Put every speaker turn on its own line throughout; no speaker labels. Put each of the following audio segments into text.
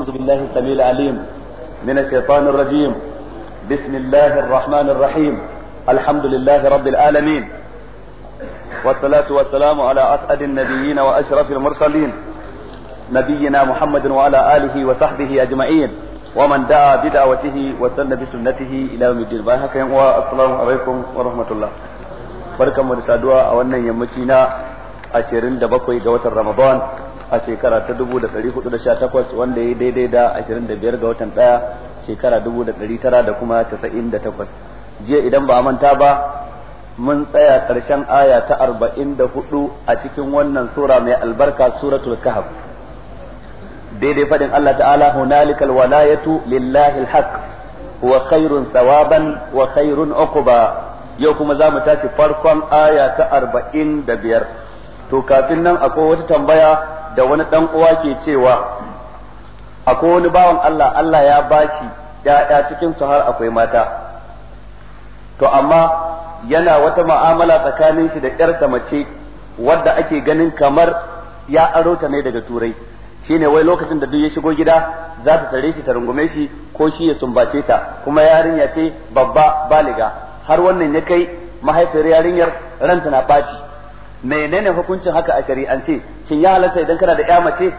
أعوذ بالله السميع العليم من الشيطان الرجيم بسم الله الرحمن الرحيم الحمد لله رب العالمين والصلاة والسلام على أسعد النبيين وأشرف المرسلين نبينا محمد وعلى آله وصحبه أجمعين ومن دعا بدعوته وسن بسنته إلى يوم الدين باهك والسلام عليكم ورحمة الله بركة من أولا يمشينا أشيرين دبقوا جوة رمضان a shekara ta 1418 wanda ya daidai da 25 ga watan ɗaya shekara 1900 da kuma jiya idan ba a manta ba mun tsaya ƙarshen aya ta 44 a cikin wannan sura mai albarka suratul kahf daidai faɗin Allah ta'ala hunalikal walayatu lillahi alhaq wa khairun thawaban wa khairun uquba yau kuma za mu tashi farkon aya ta arba'in da biyar to kafin nan akwai wata tambaya da wani dan uwa ke cewa akwai wani bawan Allah Allah ya bashi ya'ya cikin su har akwai mata to amma yana wata ma'amala tsakanin shi da ƴarta mace wadda ake ganin kamar ya aro ta ne daga turai shine wai lokacin da duk ya shigo gida za ta tare shi ta rungume shi ko shi ya sumbace ta kuma yarinya ce babba baliga har wannan ya kai mahaifiyar yarinyar ranta na ɓaci menene hukuncin haka a shari'ance shin ya halatta idan kana da ƴa mace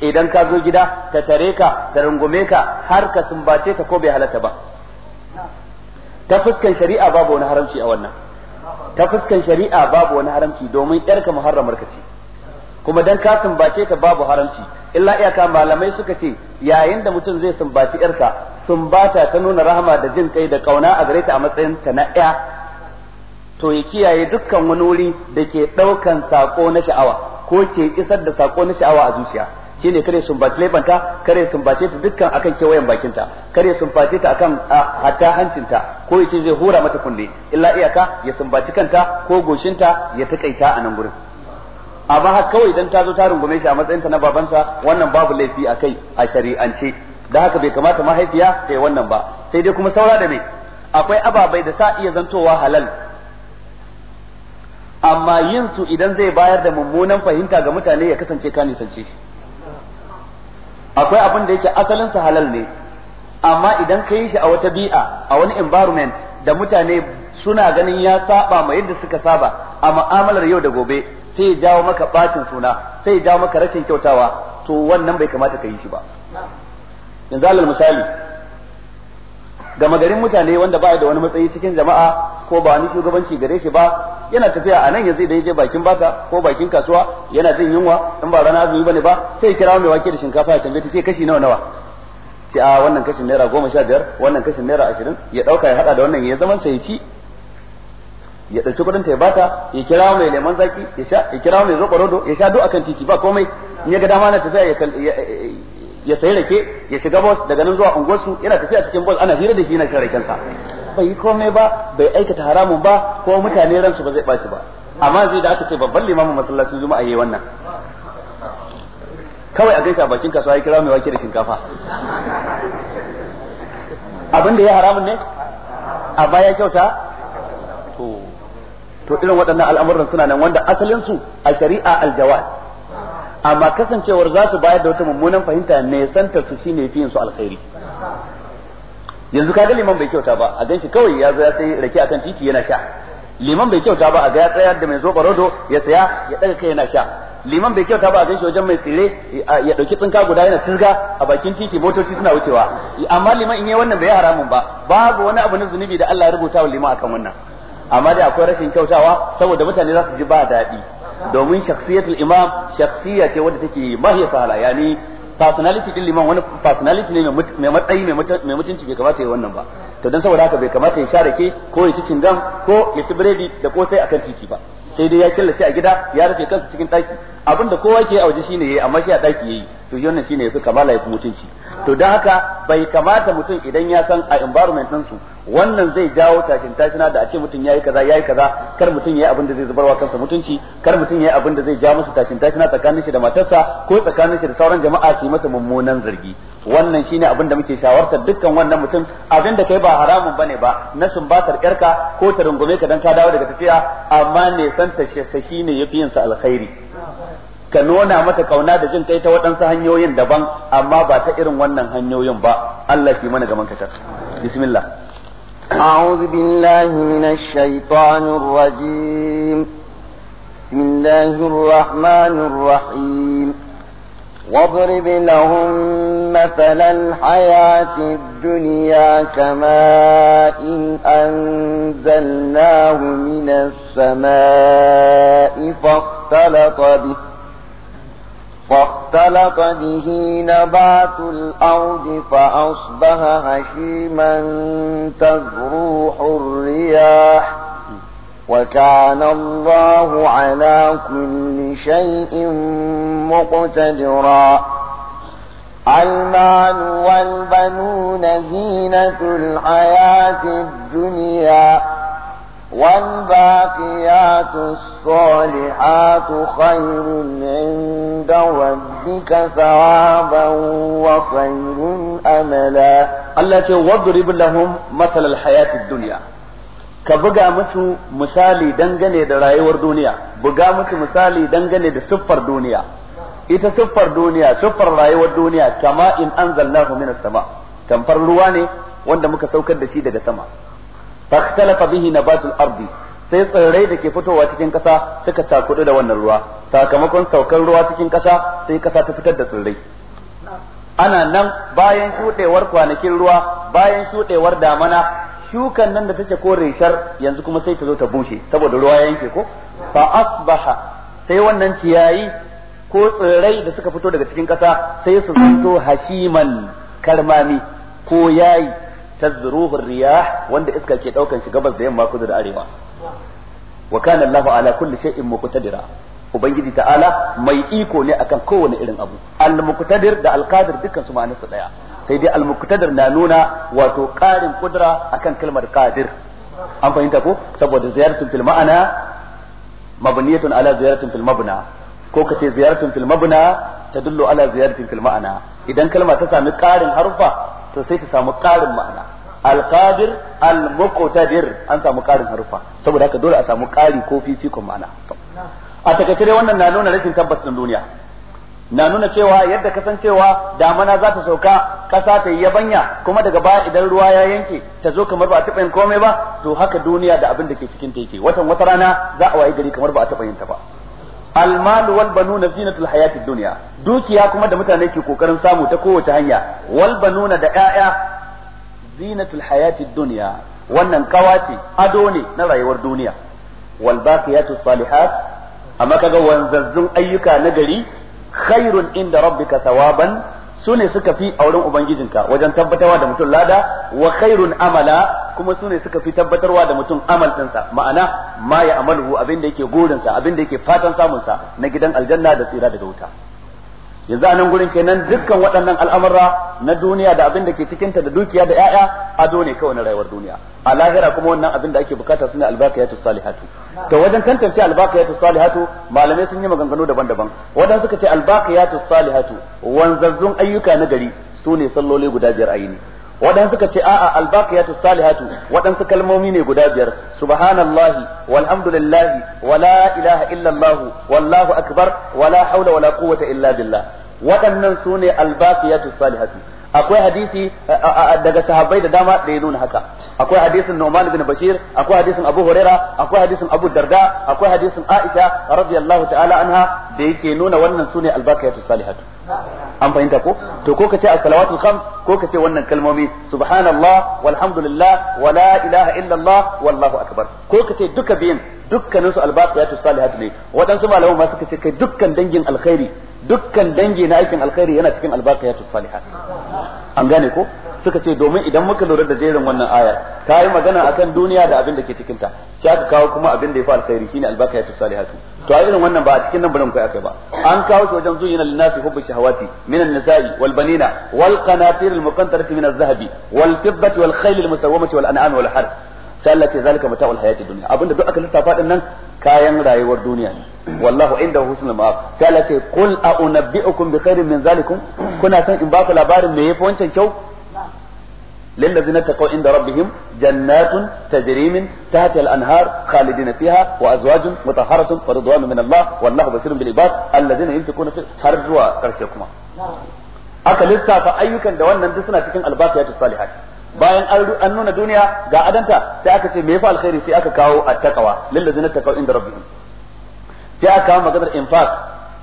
idan ka zo gida ta tare ka ta rungume ka har ka sumbace ta ko bai halatta ba ta fuskan shari'a babu wani haramci a wannan ta fuskan shari'a babu wani haramci domin ka muharramar ka ce kuma dan ka sumbace ta babu haramci illa iyaka malamai suka ce yayin da mutum zai sumbaci ƴarsa sumbata ta nuna rahama da jin kai da kauna a gare ta a matsayin ta na ƴa to ya kiyaye dukkan wani wuri da ke ɗaukan sako na sha'awa ko ke isar da sako na sha'awa a zuciya shine kare sumbace laifanta kare sumbace ta dukkan akan kewayen bakinta kare sumbace ta akan hata hancinta ko yace zai hura mata kunne illa iyaka ya bace kanta ko goshinta ya takaita a nan gurin amma har kawai idan ta zo ta rungume shi a matsayinta na babansa wannan babu laifi a kai a shari'ance da haka bai kamata mahaifiya ta yi wannan ba sai dai kuma saura da me akwai ababai da sa iya zantowa halal amma yin su idan zai bayar da mummunan fahimta ga mutane ya kasance ka nisance shi akwai abin da yake asalin sa halal ne amma idan ka yi shi a wata bi'a a wani environment da mutane suna ganin ya saba ma yadda suka saba a mu'amalar yau da gobe sai ya jawo maka bacin suna sai ya jawo maka rashin kyautawa to wannan bai kamata ka yi shi ba yanzu alal misali gama garin mutane wanda ba da wani matsayi cikin jama'a ko ba wani shugabanci gare shi ba yana tafiya a nan yanzu da yaje bakin bata ko bakin kasuwa yana jin yunwa in ba rana azumi ne ba sai kira mai wake da shinkafa ya tambaye ta ce kashi nawa nawa sai a wannan kashin naira goma sha biyar wannan kashin naira ashirin ya dauka ya hada da wannan ya zaman sai ci ya dauki kudin ta ya bata ya kira mai lemon zaki ya sha ya kira mai roƙo rodo ya sha duk akan titi ba komai in ya ga dama na tafiya ya ya sayi rake ya shiga bus daga nan zuwa unguwarsu yana tafiya cikin bus ana hira da shi yana shan sa bai yi komai ba bai aikata haramun ba ko mutane ransu ba zai baci ba amma zai da aka ce babban limamin masallacin juma'a yayi wannan kawai a gaisa a bakin kasuwa ya kira mai wake da shinkafa
abin da ya haramun ne a baya kyauta
to to irin waɗannan al'amuran suna nan wanda asalin su a shari'a aljawaz amma kasancewar za su bayar da wata mummunan fahimta ne santa su shine fiye su alkhairi yanzu kaga liman bai kyauta ba a ganshi kawai ya zo ya sai rake akan titi yana sha liman bai kyauta ba a ga ya tsaya da mai zoba rodo ya saya ya daga kai yana sha liman bai kyauta ba a ganshi wajen mai tsire ya dauki tsinka guda yana tirga a bakin titi motoci suna wucewa amma liman in yi wannan bai haramun ba babu wani abu na zunubi da Allah ya rubuta wa liman akan wannan amma dai akwai rashin kyautawa saboda mutane za su ji ba daɗi domin shakhsiyatul imam shakhsiya ce wadda take mahiya sahala yani personality din liman wani personality ne mai matsayi mai mutunci bai kamata ya wannan ba to dan saboda haka bai kamata ya share ke ko ya ci cingam ko ya ci biredi da kosai akan titi ba sai dai ya killace a gida ya rufe kansa cikin daki abin da kowa ke auji waje shine yayi amma shi a daki yayi to wannan shine yafi kamala yafi mutunci to dan haka bai kamata mutum idan ya san a environment din su wannan zai jawo tashin tashina da a ce mutum yayi kaza yayi kaza kar mutum yayi abin da zai zubarwa kansa mutunci kar mutum yayi abin da zai ja masa tashin tashina tsakanin shi da matarsa ko tsakanin shi da sauran jama'a su yi masa mummunan zargi wannan shine abin da muke shawartar dukkan wannan mutum abin da kai ba haramun bane ba na sumbatar yarka ko ta rungume ka dan ka dawo daga tafiya amma ne san ta shi ne yafi yin sa alkhairi ka nuna mata kauna da jin kai ta waɗansu hanyoyin daban amma ba ta irin wannan hanyoyin ba Allah shi mana gaman katar bismillah أعوذ بالله من الشيطان الرجيم بسم
الله الرحمن واضرب لهم مثل الحياة الدنيا كماء إن أنزلناه من السماء فاختلط به فاختلط به نبات الأرض فأصبح هشيما تذروح الرياح وكان الله على كل شيء مقتدرا المال والبنون زينة الحياة الدنيا والباقيات الصالحات خير عند ربك ثوابا
وخير أملا التي واضرب لهم مثل الحياة الدنيا ka buga musu misali dangane da rayuwar duniya buga musu misali dangane da siffar duniya ita siffar duniya siffar rayuwar duniya kama in anzalnahu minas sama tamfar ruwa ne wanda muka saukar da shi daga sama fakhtalafa bihi nabatul ardi sai tsirrai da ke fitowa cikin kasa suka takudu da wannan ruwa sakamakon saukar ruwa cikin kasa sai kasa ta fitar da tsirrai ana nan bayan shudewar kwanakin ruwa bayan shudewar damana shukan nan da take ko reshar yanzu kuma sai ta zo ta bushe saboda ruwa ya yanke ko fa asbaha sai wannan ciyayi ko tsirrai da suka fito daga cikin ƙasa sai su zanto hashiman karmami ko yayi zuruhun riyah wanda iska ke daukan shi gabas da yamma kudu da arewa wa kana Allahu ala kulli shay'in muqtadira ubangiji ta'ala mai iko ne akan kowane irin abu al muqtadir da al qadir dukkan su ma'anarsu daya sai dai al na nuna wato ƙarin kudura akan kalmar qadir an fahimta ko saboda ziyaratun fil ma'ana mabniyatun ala ziyaratun fil mabna ko kace ziyaratun fil mabna tadullu ala ziyaratin fil ma'ana idan kalma ta sami ƙarin harfa to sai ta samu ƙarin ma'ana al-qadir al-muqtadir an samu ƙarin harfa saboda haka dole a samu ƙari ko fifikon ma'ana a takaice wannan na nuna rashin tabbas din duniya na nuna cewa yadda kasancewa damana za ta sauka ƙasa ta yi yabanya kuma daga baya idan ruwa ya yanke ta zo kamar ba a taɓa yin komai ba to haka duniya da abin da ke cikin ta watan wata rana za a wayi gari kamar ba a taɓa yin ta ba almal wal banuna zinatul hayatid dunya dukiya kuma da mutane ke kokarin samu ta kowace hanya wal banuna da 'ya'ya zinatul hayatid dunya wannan kawace ado ne na rayuwar duniya wal baqiyatus salihat amma kaga wanzanzun ayyuka na gari khairun inda rabbika su sune suka fi a wurin ubangijinka wajen tabbatarwa da mutum lada wa khairun amala kuma sune suka fi tabbatarwa da mutum amal ma'ana ma ya amalu abin da yake gurinsa abin da yake fatan samunsa na gidan aljanna da tsira daga wuta yanzu a nan gurin kenan dukkan waɗannan al'amura na duniya da abin da ke cikinta da dukiya da ƴaƴa ado ne kawai na rayuwar duniya a lahira kuma wannan abin da ake bukata sune albaqiyatu salihatu to wajen tantance albaqiyatu salihatu malamai sun yi maganganu daban-daban wadan suka ce albaqiyatu salihatu wanzazzun ayyuka na gari sune salloli guda biyar a waɗansu suka ce a'a albaqiyatu salihatu waɗansu kalmomi ne guda biyar subhanallahi walhamdulillahi wala ilaha illallah wallahu akbar wala haula wala quwwata illa billah waɗannan su ne albaqiyatu salihatu akwai hadisi daga sahabbai da dama da ya nuna haka akwai hadisin Nu'man bin Bashir akwai hadisin Abu Huraira akwai hadisin Abu Darda akwai hadisin Aisha radiyallahu ta'ala anha da yake nuna wannan sune albaqiyatu salihatu
an
fahimta ko to ko kace as-salawatul khams ko kace wannan kalmomi subhanallah walhamdulillah wala ilaha illallah wallahu akbar ko kace duka biyan dukkanin su albaqiyatu salihat ne waɗansu malaman ma suka ce kai dukkan dangin alkhairi dukkan dangi na aikin alkhairi yana cikin ya salihat an gane ko suka ce domin idan muka lura da jerin wannan aya ta yi magana akan duniya da abin da ke cikin ta sai aka kawo kuma abin da ya fi alkhairi shine ya salihatu to a irin wannan ba a cikin nan barin kai akai ba an kawo shi wajen zuyina linnasi hubbu shahawati minan nisa'i wal banina wal qanatir al muqantarati min az-zahabi wal fibbati wal khayl al musawwamati wal an'am wal har sai Allah ce zalika mata'ul hayatid dunya abinda duk aka lissafa din nan kayan rayuwar duniya ne wallahu inda husnul ma'ab sai ce qul a unabbi'ukum bi khairin min zalikum kuna san in ba labarin me yafi wancan kyau للذين اتقوا عند ربهم جنات تجري من تحتها الانهار خالدين فيها وازواج مطهره ورضوان من الله والله بصير بالعباد الذين ينفقون في har zuwa karshe kuma aka lissafa ayyukan da wannan duk suna cikin albaqiyatu salihat bayan an nuna duniya ga adanta sai aka ce me fa alkhairi sai aka kawo attaqwa lillazina taqaw inda rabbihim sai aka kawo maganar infaq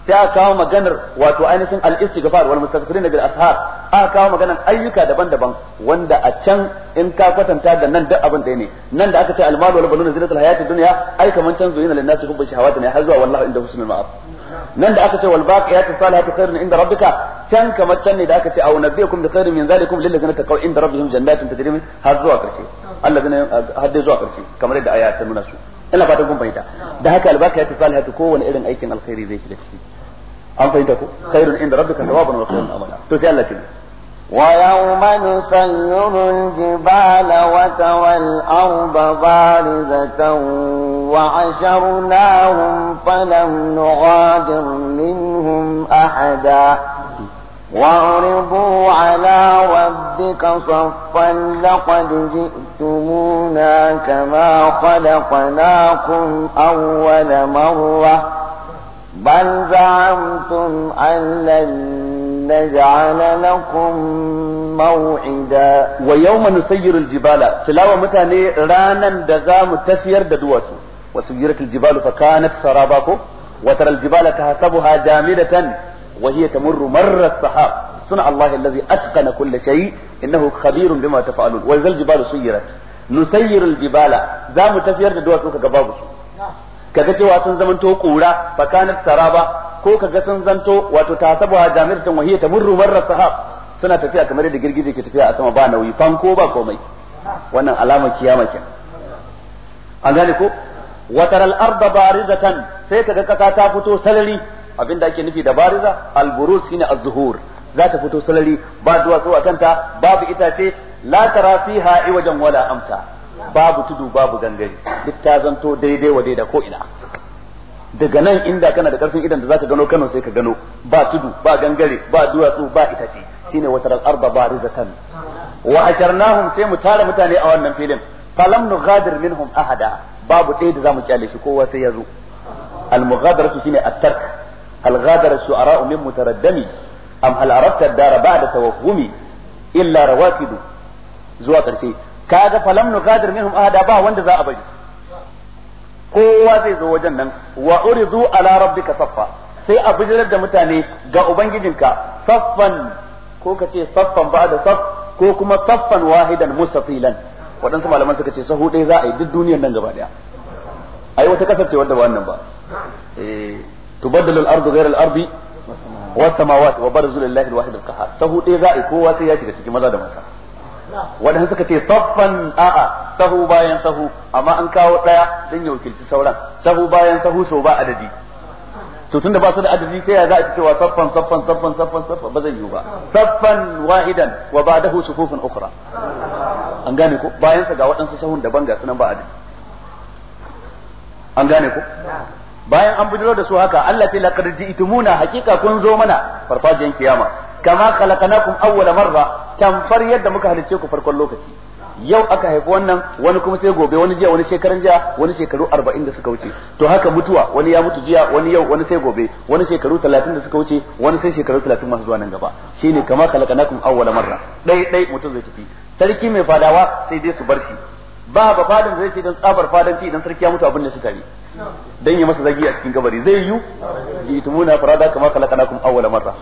sai aka kawo maganar wato ainihin al-istighfar wal mustaghfirin bil ashar aka kawo maganar ayyuka daban-daban wanda a can in ka kwatanta da nan duk abin da ne nan da aka ce al-malu wal banuna zinatul hayatid dunya ai kaman can zuwa lin nasi hubbu shahawati ne har zuwa wallahi inda husnul ma'ab nan da aka ce wal baqiyatu salihatu khairun inda rabbika can kamar can ne da aka ce aw nabiyukum bi khairin min zalikum lil ladzina taqaw inda rabbihim jannatin tajri min har zuwa karshe allah allazina har dai zuwa karshe kamar yadda aya ta nuna su ina fatan kun fahimta da haka al baqiyatu salihatu kowane irin aikin alkhairi zai shiga ciki an fahimta ko khairun inda rabbika thawaban wa khairun amala to sai Allah ce ويوم
نسير الجبال وتوى الأرض بارزة وعشرناهم فلم نغادر منهم أحدا واعرضوا على ربك صفا لقد جئتمونا كما خلقناكم أول مرة بل زعمتم أن لن نجعل لكم
موعدا ويوم نسير الجبال تلاوة متاني رانا دزام تسير ددواتو وسيرت الجبال فكانت سراباكو وترى الجبال تهسبها جامدة وهي تمر مر السحاب صنع الله الذي أتقن كل شيء إنه خبير بما تفعلون وإذا الجبال سيرت نسير الجبال زام تسير ددواتو كبابسو kaga cewa sun zamanto kura fa kanat saraba ko kaga sun zanto wato tasabuha jami'atan wahiya murru marra sahab suna tafiya kamar yadda girgije ke tafiya a sama ba nauyi fanko ba komai wannan alama kiyama kenan an gane ko watar al-arda barizatan sai kaga kasa ta fito salari abinda ake nufi da bariza al-buruz shine az-zuhur za ta fito salari ba duwatsu a kanta babu itace la tara fiha iwajan wala amta babu tudu babu gangare duk ta zanto daidai wa daida ko ina daga nan inda kana da karfin idan da zaka gano Kano sai ka gano ba tudu ba gangare ba duwatsu ba itace shine watar arba ba rizatan wa asharnahum sai mu tara mutane a wannan filin falam nughadir minhum ahada babu ɗaya da zamu kyale shi kowa sai ya zo al mughadaratu shine at-tark al ghadara shu'ara'u min mutaraddami am hal da dara ba'da tawahhumi illa rawaqidu zuwa ƙarshe kaga falam nugadir minhum ahada ba wanda za a bari kowa zai zo wajen nan wa uridu ala rabbika saffa sai a bijirar da mutane ga ubangijinka saffan ko ka ce saffan ba da saff ko kuma saffan wahidan mustafilan waɗansu malaman suka ce sahu ɗaya za a yi duk duniyar nan gaba ɗaya ai wata kasar ce wadda ba wannan ba eh, tubaddalu al-ardu ghayra ardi was samawati wa barzu lillahi al-wahid al-qahhar sahu ɗaya za a yi kowa sai ya shiga cikin maza da mata waɗansu suka ce saffan a'a sahu bayan sahu amma an kawo ɗaya don ya wakilci sauran sahu bayan sahu so ba adadi to tunda ba su da adadi sai ya za a cewa saffan saffan saffan saffan saffan ba zai yiwu ba saffan wahidan wa ba'dahu sufufun ukra an gane ko bayan sa ga waɗansu sahun daban ga sunan ba adadi an gane ko bayan an bujiro da su haka Allah ta laqad ji'tumuna haqiqa kun zo mana farfajiyan kiyama kama khalaqnakum awwala marra tamfar yadda muka halice ku farkon lokaci yau aka haifi wannan wani kuma sai gobe wani jiya wani shekaran jiya wani shekaru 40 da suka wuce to haka mutuwa wani ya mutu jiya wani yau wani sai gobe wani shekaru 30 da suka wuce wani sai shekaru 30 masu zuwa nan gaba shine kama khalaqnakum awwala marra dai dai mutum zai tafi sarki mai fadawa sai dai su bar shi ba ba fadin zai ce dan tsabar ci dan sarki ya mutu abin da su tare dan yi masa zagi a cikin gabari zai yi tumuna farada kama khalaqnakum awwala marra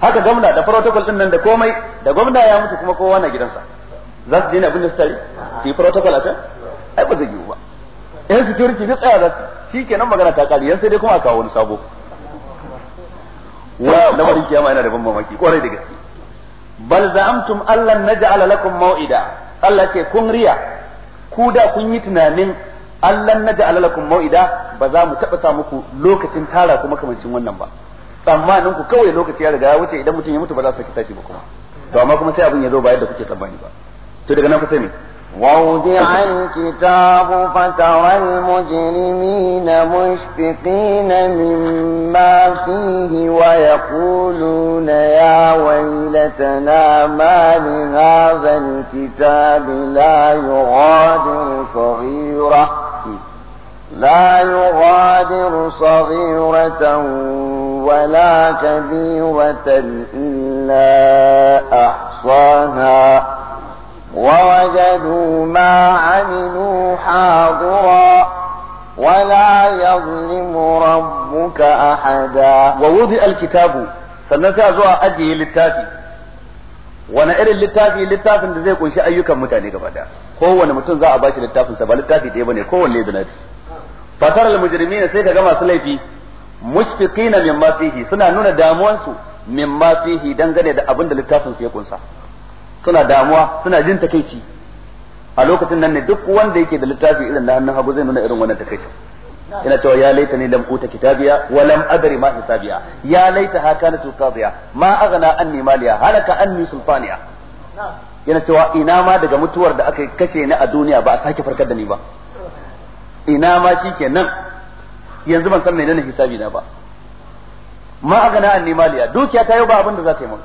haka gwamna da protocol din nan da komai da gwamna ya mutu kuma kowa na gidansa za su daina abin da su tare su yi protocol a can ai ba zai yi ba yan security duk tsaya za su shi kenan magana ta kare yan sai dai kuma a kawo wani sabo wa lamarin kiyama yana da ban mamaki kwarai da gaske bal za'amtum allan naj'ala lakum maw'ida Allah ce kun riya ku da kun yi tunanin allan naj'ala lakum maw'ida ba za mu taba sa muku lokacin tara kuma kamancin wannan ba tsammanin ku kawai lokaci ya riga ya wuce idan mutum ya mutu ba za su saki tashi ba kuma to amma kuma sai abin ya zo ba yadda kuke tsammani ba to daga nan ku sai me ووضع
الكتاب فترى المجرمين مشفقين مما فيه ويقولون يا ويلتنا ما لهذا الكتاب لا يغادر صغيره لا يغادر صغيرة ولا كبيرة إلا أحصاها ووجدوا ما عملوا حاضرا ولا يظلم ربك
أحدا ووضع الكتاب سنتا زوا أجي للتافي وانا إر للتافي للتافي اللي زيكو إن شاء أيوكا متاني كفادا هو أنا متنزع أباشي للتافي سبا للتافي تيباني هو اللي بنادي fatar al-mujrimina sai kaga masu laifi mushfiqina mimma fihi suna nuna damuwansu mimma fihi dangane da abin da littafin su ya kunsa suna damuwa suna jin takeici a lokacin nan ne duk wanda yake da littafi irin na hannun hagu zai nuna irin wannan takeicin ina cewa ya laita ni lam uta kitabiya wa lam adri ma hisabiya ya laita ha kana tu qadiya ma aghna anni maliya halaka anni sulfaniya yana cewa ina ma daga mutuwar da aka kashe ni a duniya ba a sake farkar da ni ba ina ma nan yanzu ban san menene hisabi na ba ma agana an nimaliya dukiya ta yau ba abin da za ta yi mun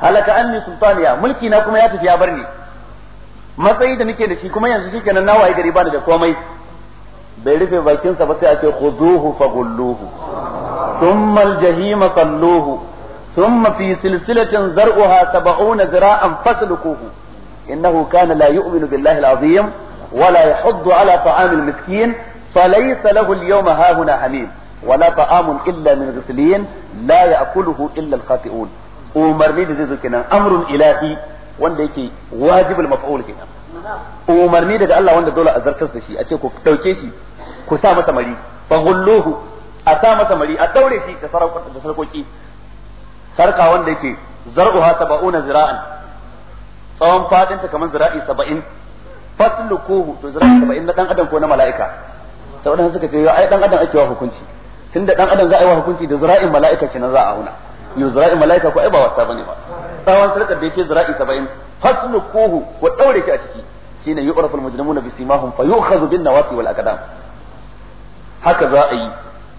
halaka anni sultaniya mulki na kuma ya tafi ya bar matsayi da nake da shi kuma yanzu shikenan na waye gari bani da komai bai rufe bakinsa ba sai a ce khuduhu gulluhu thumma aljahima salluhu thumma fi silsilatin zar'uha 70 zira'an fasluquhu innahu kana la yu'minu billahi alazim ولا يحض على طعام المسكين فليس له اليوم هاهنا حميم ولا طعام إلا من غسلين لا يأكله إلا الخاطئون umarni da zai zo kenan amrun ilahi wanda yake wajibul maf'ul kenan umarni daga Allah wanda dole a zartar da shi a ce ku dauke shi ku sa masa mari fa hulluhu a sa masa mari a daure shi da da sarkoki sarka wanda yake zar'uha sab'una zira'an tsawon fadin ta kamar zira'i 70 fasluquhu to zira ba inna dan adam ko na mala'ika saboda suka ce ai dan adam ake wa hukunci tunda dan adam za a yi wa hukunci da zura'in mala'ika kenan za a auna yau zura'in mala'ika ko ai ba wasa bane ba tsawon sarka da yake zura'i 70 fasluquhu wa daure shi a ciki shine yu'raful al-mujrimuna bisimahum fa yu'khadhu bin nawasi wal aqdam haka za a yi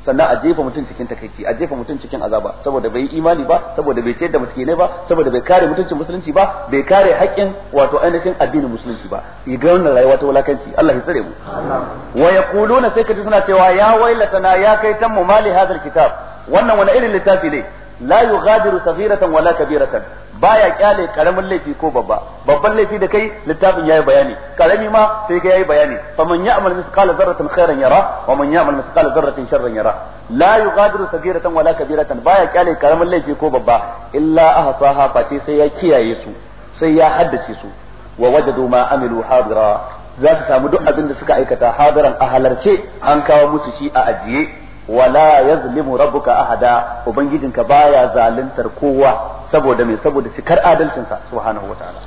sannan a jefa mutum cikin takaici a jefa mutum cikin azaba saboda bai imani ba saboda bai ciyar da ba saboda bai kare mutuncin musulunci ba bai kare haƙƙin wato ainihin addinin musulunci ba yi ga wannan rayuwa ta wulakanci Allah ya tsare mu wa yaquluna sai kaji suna cewa ya wailatana ya kai tan mu mali hadal kitab wannan wani irin littafi ne la yughadiru saghiratan wala kabiratan baya kyale karamin laifi ko babba babban laifi da kai littafin yayi bayani karami ma sai ga yayi bayani faman ya'mal misqala dharratin khairan yara wa man ya'mal misqala dharratin sharran yara la yughadiru saghiratan wala kabiratan baya kyale karamin laifi ko babba illa ahsaha face sai ya kiyaye su sai ya haddace su wa wajadu ma amilu hadira za su samu duk abin da suka aikata hadiran a halarce an kawo musu shi a ajiye wala yazlimu rabbuka ahada ubangijinka baya zaluntar kowa saboda me saboda cikar adalcinsa subhanahu wataala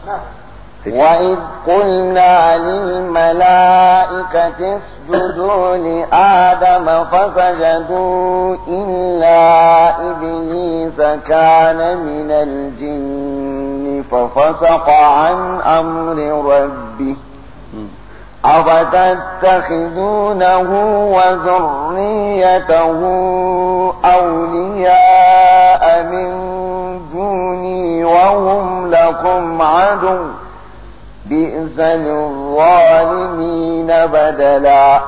وإذ قلنا للملائكة
اسجدوا لآدم فسجدوا إلا إبليس كان من الجن ففسق عن أمر ربه أفتتخذونه وذريته أولياء من دوني وهم لكم عدو بئس للظالمين بدلاً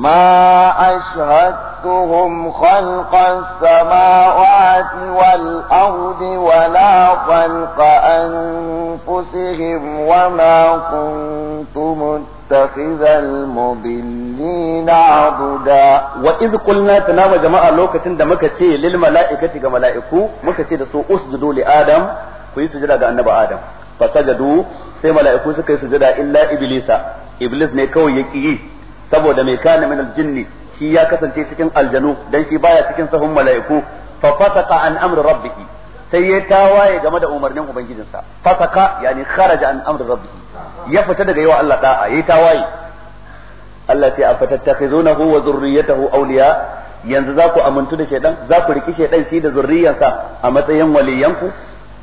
ما أشهدتهم خلق السماوات والأرض ولا خلق أنفسهم وما كنت متخذ
المضلين
عبدا
وإذ قلنا تنام جماعة لوكة دمكتي للملائكة كملائكو مكتي دسو أسجدوا لآدم ويسجد على النبي آدم فسجدوا سي ملائكو سكي سجد إلا إبليس إبليس نكوي يكيه saboda mai kana min aljinni shi ya kasance cikin aljanu dan shi baya cikin sahun mala'iku fa fasaka an amri rabbih sai ya tawaye game da umarnin ubangijinsa fasaka yani kharaja an amri rabbih ya fita daga yawa Allah da'a yayi tawaye Allah sai a fatattakhizunahu wa zurriyatahu awliya yanzu za ku amintu da shaidan za ku riki shaidan shi da zurriyarsa a matsayin waliyanku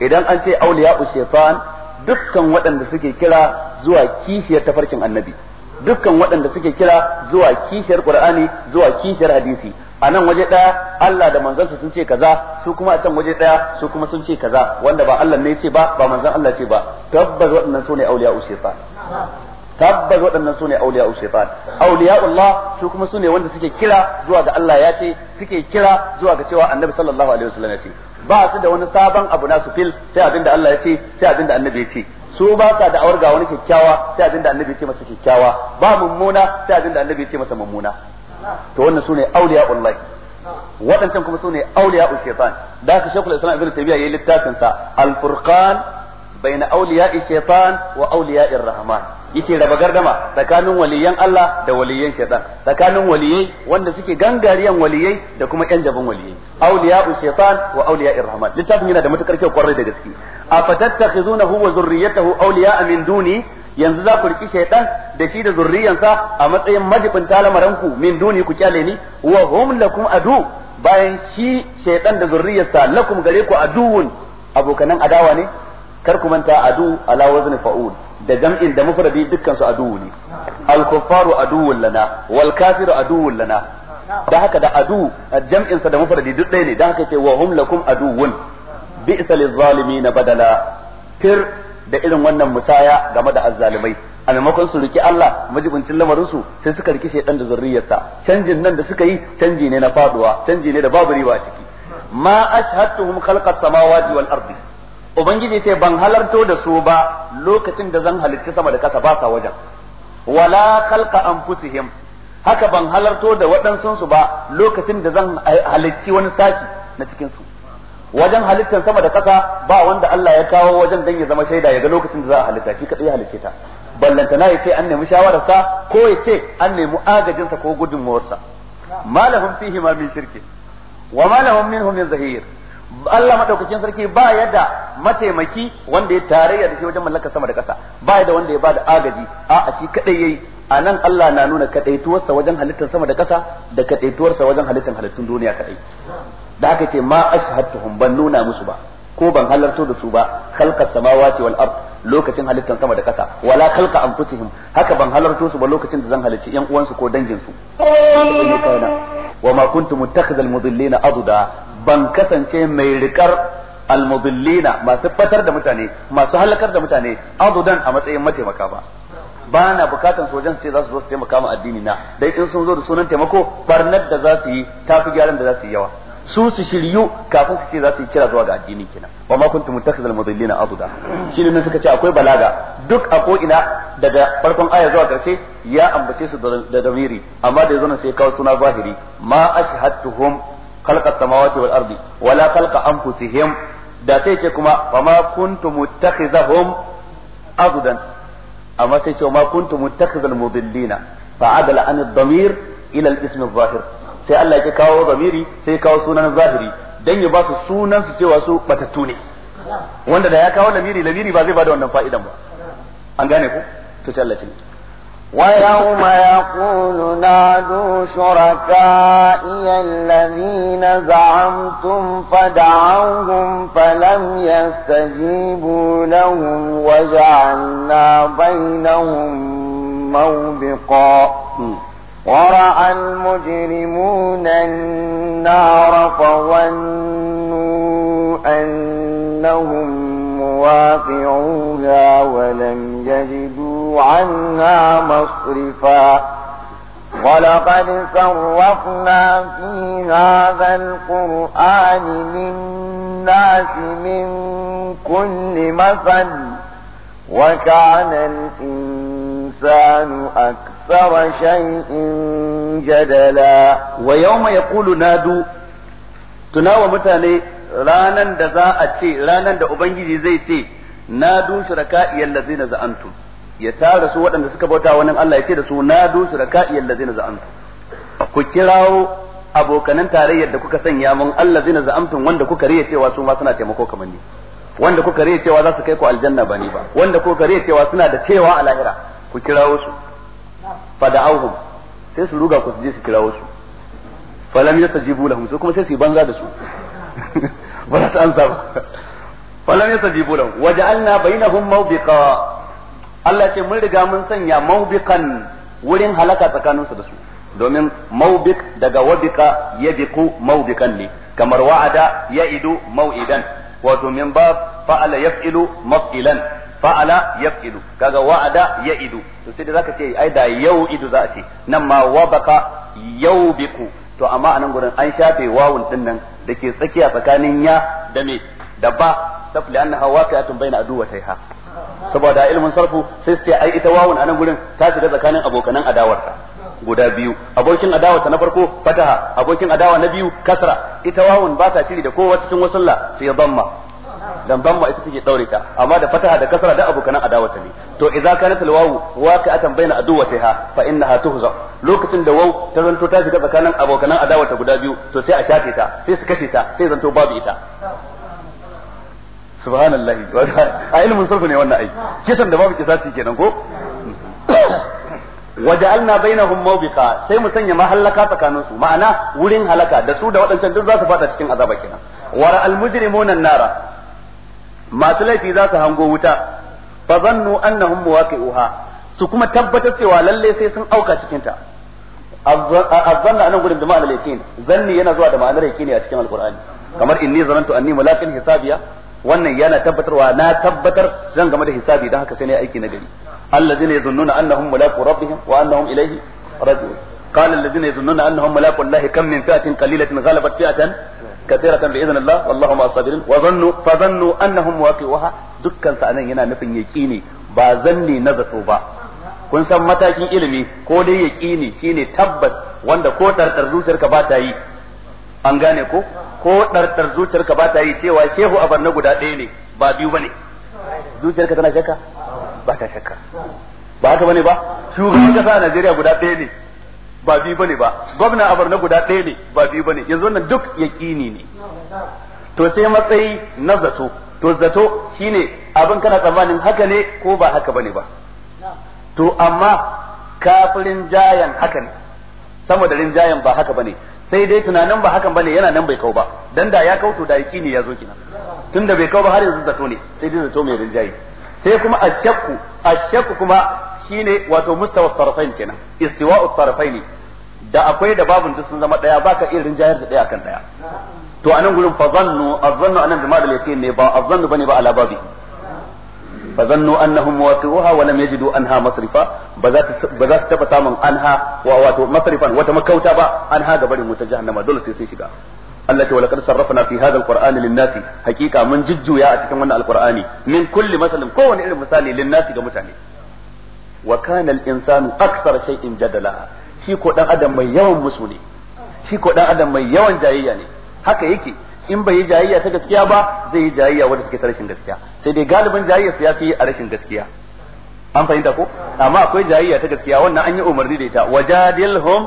idan an ce awliya shaitan dukkan waɗanda suke kira zuwa kishiyar tafarkin annabi dukkan waɗanda suke kira zuwa kishiyar qur'ani zuwa kishiyar hadisi a nan waje ɗaya Allah da manzansa sun ce kaza su kuma a can waje ɗaya su kuma sun ce kaza wanda ba Allah ne ce ba ba manzan Allah ce ba tabbas waɗannan sune auliya ushaitan tabbas waɗannan sune auliya ushaitan auliya Allah su kuma sune wanda suke kira zuwa ga Allah ya ce suke kira zuwa ga cewa Annabi sallallahu alaihi wasallam ya ce ba su da wani sabon abu na su fil sai abinda Allah ya ce sai abinda Annabi ya ce su ba sa da awar ga wani kyakkyawa sai abin da annabi ya ce masa kyakkyawa ba mummuna sai abin da annabi ya ce masa mummuna to wannan sune auliya'ullahi waɗancan kuma sune auliya shaytan da haka shekul islam ibnu tabiya yayi littafin sa al-furqan baina awliya'i shaytan wa awliya'ir yake raba gardama tsakanin waliyan Allah da waliyan shaytan tsakanin waliyai wanda suke gangariyan waliyai da kuma yan jabin waliyai awliya'u shaytan wa awliya'ir rahman littafin yana da matukar kyau kwarai da gaske a fatattakhizunahu wa zurriyatahu awliya'a min duni yanzu za ku riki shaytan da shi da zurriyansa a matsayin majibin talamaranku min duni ku kyale ni wa hum lakum adu bayan shi shaytan da zurriyarsa lakum gare ku aduwun abokanan adawa ne kar ku manta adu ala wazn fa'ul da jam'in da mufradi dukkan su adu ne al kuffaru aduwwun lana wal kafiru aduwwun lana da haka da adu jam'in sa da mufradi duk ɗaya ne da haka ce wa hum lakum aduwwun bi'sa lizalimin badala fir da irin wannan musaya game da azzalimai a maimakon su riki Allah majibincin lamarinsu sai suka riki shaidan da zurriyarsa canjin nan da suka yi canji ne na faduwa canji ne da babu riba a ciki ma ashhadtuhum khalqa samawati wal ardi ubangiji ce ban halarto da su ba lokacin da zan halicci sama da kasa ba sa wajen wala khalqa anfusihim haka ban halarto da waɗansu su ba lokacin da zan halicci wani sashi na cikinsu wajen halittar sama da kasa ba wanda Allah ya kawo wajen dan ya zama shaida ya ga lokacin da za a halitta shi kadai ya halicce ta na ya ce an nemi shawararsa ko ya ce an nemi agajinsa ko gudunmuwarsa malahum fihi ma min shirki wa malahum minhum min zahir Allah madaukakin sarki ba ya da mataimaki wanda ya tarayya da shi wajen mallakar sama da ƙasa ba ya da wanda ya ba da agaji a'a shi kadai yayi a nan Allah na nuna kadaituwarsa wajen halittar sama da ƙasa da kadaituwarsa wajen halittar halittun duniya kadai da aka ce ma ashhadtuhum ban nuna musu ba ko ban halarto da su ba khalqas samawati wal ard lokacin halittar sama da ƙasa wala khalqa anfusihim haka ban halarto su ba lokacin da zan halicci yan uwansu ko dangin su wa ma kuntum muttakhidhal mudhillina azda ban kasance mai rikar almudillina masu fatar da mutane masu halakar da mutane adudan a matsayin mataimaka ba ba na bukatan sojan su ce za su zo su taimaka ma addini na dai in sun zo da sunan taimako barnar da za su yi tafi gyaran da za su yi yawa su su shiryu kafin su ce za su yi kira zuwa ga addini kenan wa ma kuntum mutakhizal mudillina aduda shine nan suka ce akwai balaga duk a ko ina daga farkon aya zuwa karshe ya ambace su da damiri amma da yazo nan sai kawo suna zahiri ma ashhadtuhum khalqa samawati wal ardi wala khalqa anfusihim da sai ce kuma fa ma kuntum muttakhizahum azdan amma sai ce ma kuntum muttakhizal mudillina fa adala an ad-damir ila al-ism adh-dhahir sai Allah ya kawo zamiri sai kawo sunan zahiri dan ya ba su sunan su cewa su batattu ne wanda da ya kawo lamiri lamiri ba zai bada wannan fa'idan ba an gane ku to sai Allah ya ويوم
يقول نادوا شركائي الذين زعمتم فدعوهم فلم يستجيبوا لهم وجعلنا بينهم موبقا ورأى المجرمون النار
فظنوا
أنهم مواقعوها ولم يجدوا عنها مصرفا ولقد صرفنا في هذا القرآن للناس من كل مثل وكان الإنسان الإنسان
أكثر شيء جدلا ويوم يقول نادو تناوى متاني ranan da تي a ce أبنجي da ubangiji zai ce na du shuraka'iyal ladzina za'antum ya tara su waɗanda suka bauta wani Allah ya ce da su na ku kirawo tarayyar da kuka sanya mun Allah zina za'amtum wanda kuka riya cewa su ma suna taimako kamar ni wanda kuka riya cewa za su kai ku aljanna ba ni ba wanda kuka riya cewa suna da cewa a lahira ku kira Fa su auhum sai su ruga ku je su wasu. Fa falam yastajibu lahum su kuma sai su yi banza da su ba za su ansa ba falam yastajibu lahum waja'alna bainahum mawbiqa Allah ce mun riga mun sanya mawbiqan wurin halaka tsakaninsu da su domin mawbiq daga wabiqa yabiqu mawbiqan ne kamar wa'ada ya'idu maw'idan wato min bab fa'ala yaf'ilu maf'ilan fa'ala yaf'ilu kaga wa'ada ya'idu to sai da zaka ce ai da yau idu za a ce nan ma wabaka yaubiku to amma anan gurin an shafe wawun din nan dake tsakiya tsakanin ya da me da ba safli annaha waqi'atun baina taiha saboda ilmin sarfu sai sai ai ita wawun anan gurin ta shiga tsakanin abokanan adawarta guda biyu abokin adawa ta na farko fataha abokin adawa na biyu kasra ita wawun ba ta shiri da kowa cikin wasulla sai damma dan ma ita take daure ta amma da fataha da kasra da abokanan adawata ne to idza kanat ka waqi'atan baina adawatiha fa innaha tuhza lokacin da waw ta zanto ta shiga tsakanin abokanan adawata guda biyu to sai a shafe ta sai su kashe ta sai zanto babu ita subhanallahi a ilmin sarfu ne wannan ai kisan da babu kisasi kenan ko waja'alna bainahum mawbiqa sai mu sanya mahallaka tsakanin su ma'ana wurin halaka da su da waɗancan duk za su fada cikin azaba kenan wara al mujrimuna nara masu laifi za su hango wuta fa zannu annahum muwaqi'uha su kuma tabbatar cewa lalle sai sun auka cikin ta azzanna anan gurin da ma'anar yakin zanni yana zuwa da ma'anar yakin a cikin alqur'ani kamar inni zanantu anni mulaqin hisabiya wannan yana tabbatarwa na tabbatar zan game da hisabi dan haka sai ne aiki na gari allazina yazunnuna annahum mulaqu rabbihim wa annahum ilayhi raji'un قال الذين يظنون انهم ملاقوا الله كم من فئه قليله غلبت فئه kathiratan bi idhnillah wallahu ma sabirin wa zannu fa zannu annahum waqi'uha dukkan sa anan yana nufin yaqini ba zanni na ba kun san matakin ilimi ko dai ya shi ne tabbas wanda ko tartar zuciyarka ba ta yi an gane ko ko tartar zuciyarka ba ta yi cewa shehu abar na guda ɗaya ne ba biyu ba ne. zuciyarka tana shakka ba ta shakka ba haka bane ba shugaban kasa a Najeriya guda ɗaya ne ba bi bane ba gwamna abar na guda ɗaya ne ba bi bane yanzu wannan duk yaqini ne to sai matsayi na zato to zato shine abin kana tsammanin haka ne ko ba haka bane ba to amma kafirin jayan haka ne sama da rinjayen ba haka bane sai dai tunanin ba hakan bane yana nan bai kau ba dan da ya to da yaqini ya zo kina tunda bai kau ba har yanzu zato ne sai dai zato mai rinjaye sai kuma ashakku ashakku kuma shine wato mustawa tarafain kenan istiwa'u tarafain da akwai da babun duk sun zama daya baka irin rinjayar da daya akan daya to anan gurin fa zannu azannu anan bi madal yaqin ne ba azannu bane ba ala babi fa zannu annahum muwaqi'uha wa lam yajidu anha masrifa ba za ta ba za ta taba samun anha wa wato masrifan wata makauta ba anha ga barin wuta jahannama dole sai sai shiga Allah ce walakar sarrafana fi hadha alqur'ani linnasi hakika mun jujjuya a cikin wannan alqur'ani min kulli masalin kowane irin misali linnasi ga mutane wa kana al-insanu aktsara shay'in jadala shi ko dan adam mai yawan musu ne shi ko dan adam mai yawan jayayya ne haka yake in bai yi jayayya ta gaskiya ba zai yi jayayya wanda suke ta rashin gaskiya sai dai galibin jayayya su ya fi a rashin gaskiya an fahimta ko amma akwai jayayya ta gaskiya wannan an yi umarni da ita wajadilhum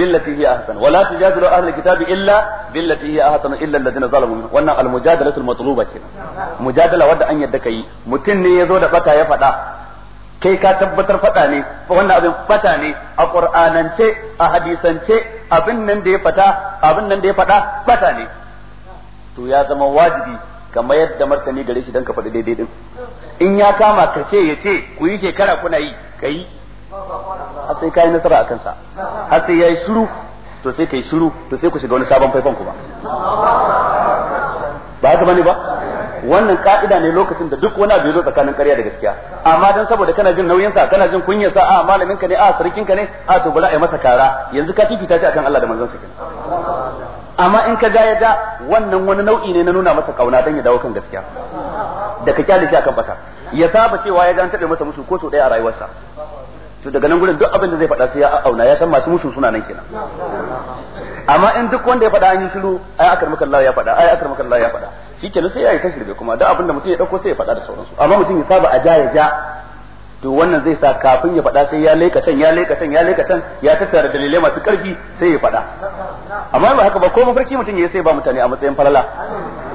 billati hiya ahsan wala tujadilu ahlul kitabi illa billati hiya ahsan illa alladhina zalamu wannan almujadalatu almatluba
kenan mujadala
wanda an yadda kai mutum ne yazo da bata ya fada kai ka tabbatar fada ne wannan abin fata ne a qur'anance a hadisance abin nan da ya fata abin nan da ya fada fata ne to ya zama wajibi ka mayar da martani gare shi dan ka faɗi daidai din in ya kama ka ce ya ce ku yi shekara kuna yi ka yi har sai ka yi nasara a kansa har sai ya yi shiru to sai kai shiru to sai ku shiga wani sabon faifan kuma ba haka bane ba wannan ka'ida ne lokacin da duk wani abu zo tsakanin ƙarya da gaskiya amma dan saboda kana jin nauyin sa kana jin kunyar sa a malamin ka ne a sarkin ka ne a to bala ai masa kara yanzu ka fifita shi akan Allah da manzon sa amma in ka ga ya ga wannan wani nau'i ne na nuna masa kauna dan ya dawo kan gaskiya
da ka kyale shi akan
bata ya saba cewa ya ga an taɓa masa musu ko so ɗaya a rayuwarsa to daga nan gurin duk abin da zai faɗa sai ya auna ya san masu musu suna nan kenan amma in duk wanda ya faɗa an yi shiru ai akar maka Allah ya faɗa ai akar maka Allah ya faɗa shikenan sai ya yi tashirbe kuma da abin da mutum ya dauko sai ya faɗa da sauransu amma mutum ya saba a ja ya ja to wannan zai sa kafin ya faɗa sai ya leka can ya leka can ya leka can ya tattara dalilai masu karfi sai ya faɗa amma ba haka ba ko mafarki mutum ya sai ba mutane a matsayin falala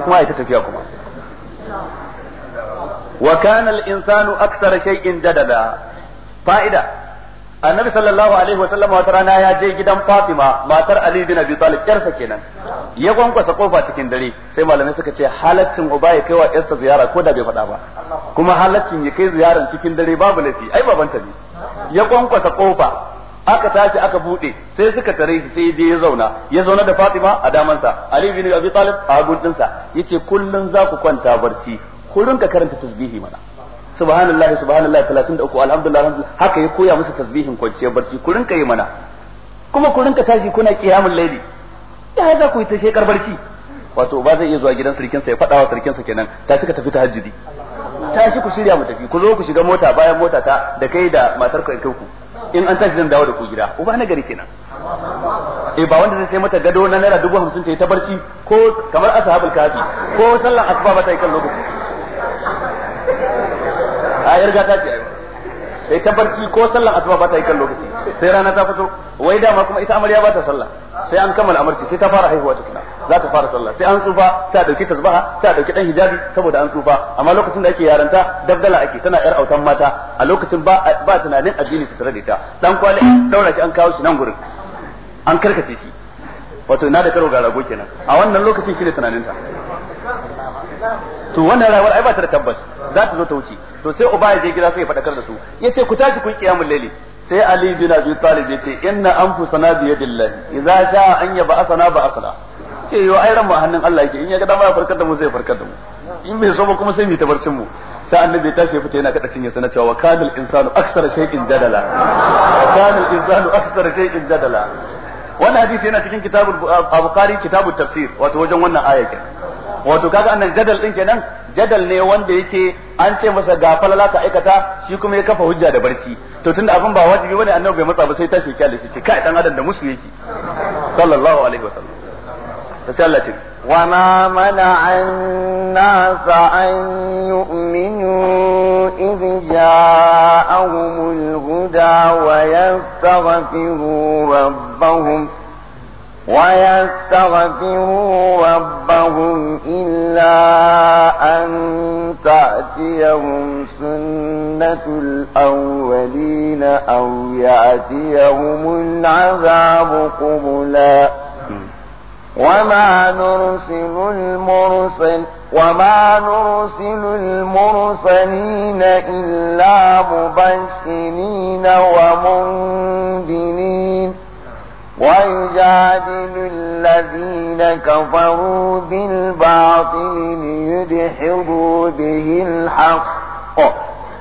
kuma ai ta tafiya kuma wa kana al-insanu aktsara shay'in dadada fa'ida annabi sallallahu alaihi wa sallam wata rana ya je gidan Fatima matar Ali bin Abi Talib yarsa kenan ya kwankwasa kofa cikin dare sai malamai suka ce halaccin uba ya kai wa yarsa ziyara ko da bai faɗa ba kuma halaccin ya kai ziyaran cikin dare babu lafi ai babanta ne ya kwankwasa kofa aka tashi aka buɗe sai suka tare shi sai je ya zauna ya zauna da Fatima a damansa Ali bin Abi Talib a hagun dinsa yace kullun za ku kwanta barci kullun ka karanta tasbihi mana subhanallahi subhanallahi 33 alhamdulillah alhamdulillah haka ya koya musu tasbihin kwanciyar barci ku rinka yi mana kuma ku rinka tashi kuna kiyamul laili ya za ku yi ta shekar barci wato ba zai iya zuwa gidan sarkinsa ya fada wa sarkinsa kenan tashi ka tafi ta tahajjudi tashi ku shirya mu tafi ku zo ku shiga mota bayan mota ta da kai da matar ka ku in an tashi zan dawo da ku gida uba na gari kenan eh ba wanda zai sai mata gado na naira dubu hamsin ta yi ta barci ko kamar ashabul kafi ko sallan asuba ba ta yi kan lokaci
a yarga ta ce ayi
sai ta barci ko sallan asuba ba ta yi kan lokaci sai rana ta fito wai dama kuma ita amarya ba ta sallah sai an kammala amarci sai ta fara haihuwa tukuna za ta fara sallah sai an tsufa ta dauki tasbaha ta dauki dan hijabi saboda an tsufa amma lokacin da ake yaranta dabdala ake tana yar autan mata a lokacin ba ba tunanin addini ta tare da ita dan kwale daura shi an kawo shi nan gurin an karkace shi wato ina da karo ga rago kenan a wannan lokacin shine tunaninta to wannan rayuwar ai ba ta da tabbas za ta zo ta wuce to sai uba ya je gida sai ya fadakar da su yace ku tashi ku yi qiyamul layli sai ali bin abi talib yace inna anfusana bi yadillahi idza sha'a an yab'athana ba'athana yace yo ai ran mu hannun Allah yake in ya ga dama ya farkar da mu sai ya farkar da mu in bai so ba kuma sai mu tabarcin mu sai annabi ya tashi ya fita yana kada cinye sana cewa wa kanal insanu aksara shay'in jadala wa kanal insanu aksara shay'in jadala wannan hadisi yana cikin kitabul bukhari kitabut tafsir wato wajen wannan ayatin wato kaga annan jadal din kenan jadal ne wanda yake an ce masa ga falala ka aikata shi kuma ya kafa hujja da barci to tunda abin ba wajibi bane annabi bai matsa ba sai tashi kyale shi kai dan adam da musu yake sallallahu alaihi wasallam sai Allah ce mana منع الناس an
yu'minu idh ja'ahumul huda wa yastaghfiru rabbahum ويستغفروا ربهم إلا أن تأتيهم سنة الأولين أو يأتيهم العذاب قبلا
وما
نرسل المرسل وما نرسل المرسلين إلا مبشرين ومنذرين ويجادل الذين كفروا بالباطل ليدحضوا به الحق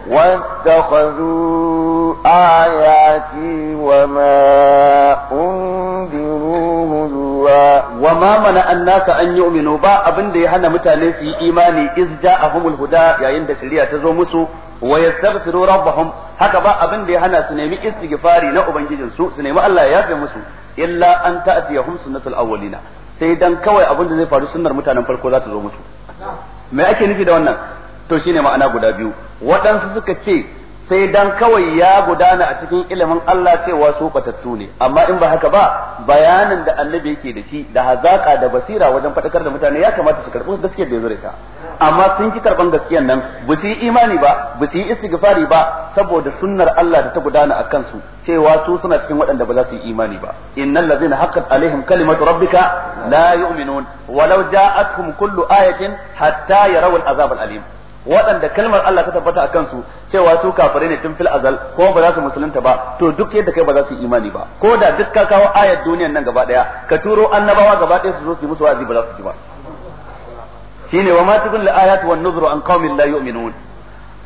واتخذوا آياتي
وما أنذروا هزوا وما منع الناس أن يؤمنوا با أبن دي هنا متالي في إيماني إذ جاءهم الهدى يا إند شريعة تزومسوا ويستغفروا ربهم haka ba abin da ya hana su nemi istighfari na ubangijin su su nemi Allah ya yafe musu illa an ta'tiyahum sunnatul awwalina sai dan kawai abin da zai faru sunnar mutanen farko za ta zo musu me ake nufi da wannan to shine ma'ana guda biyu waɗansu suka ce sai dan kawai ya gudana a cikin ilimin Allah cewa su kwatattu ne amma in ba haka ba bayanin da annabi yake da shi da hazaka da basira wajen faɗakar da mutane ya kamata su karɓi gaskiyar da ya zure amma sun ki karban gaskiyan nan ba su yi imani ba ba su yi istighfari ba saboda sunnar Allah da ta gudana a kansu cewa su suna cikin waɗanda ba za su yi imani ba innal ladzina haqqat alaihim kalimatu rabbika la yu'minun walau ja'atuhum kullu ayatin hatta yarawu al'azab al'alim waɗanda kalmar Allah ta tabbata a kansu cewa su kafirai ne tun fil azal ko ba za su musulunta ba to duk yadda kai ba za su yi imani ba ko da duk ka kawo ayar duniyan nan gaba daya ka turo annabawa gaba daya su zo su yi musu wa'azi ba za su ji ba shine wa ma tukun al-ayatu wan nuzuru an qaumin la yu'minun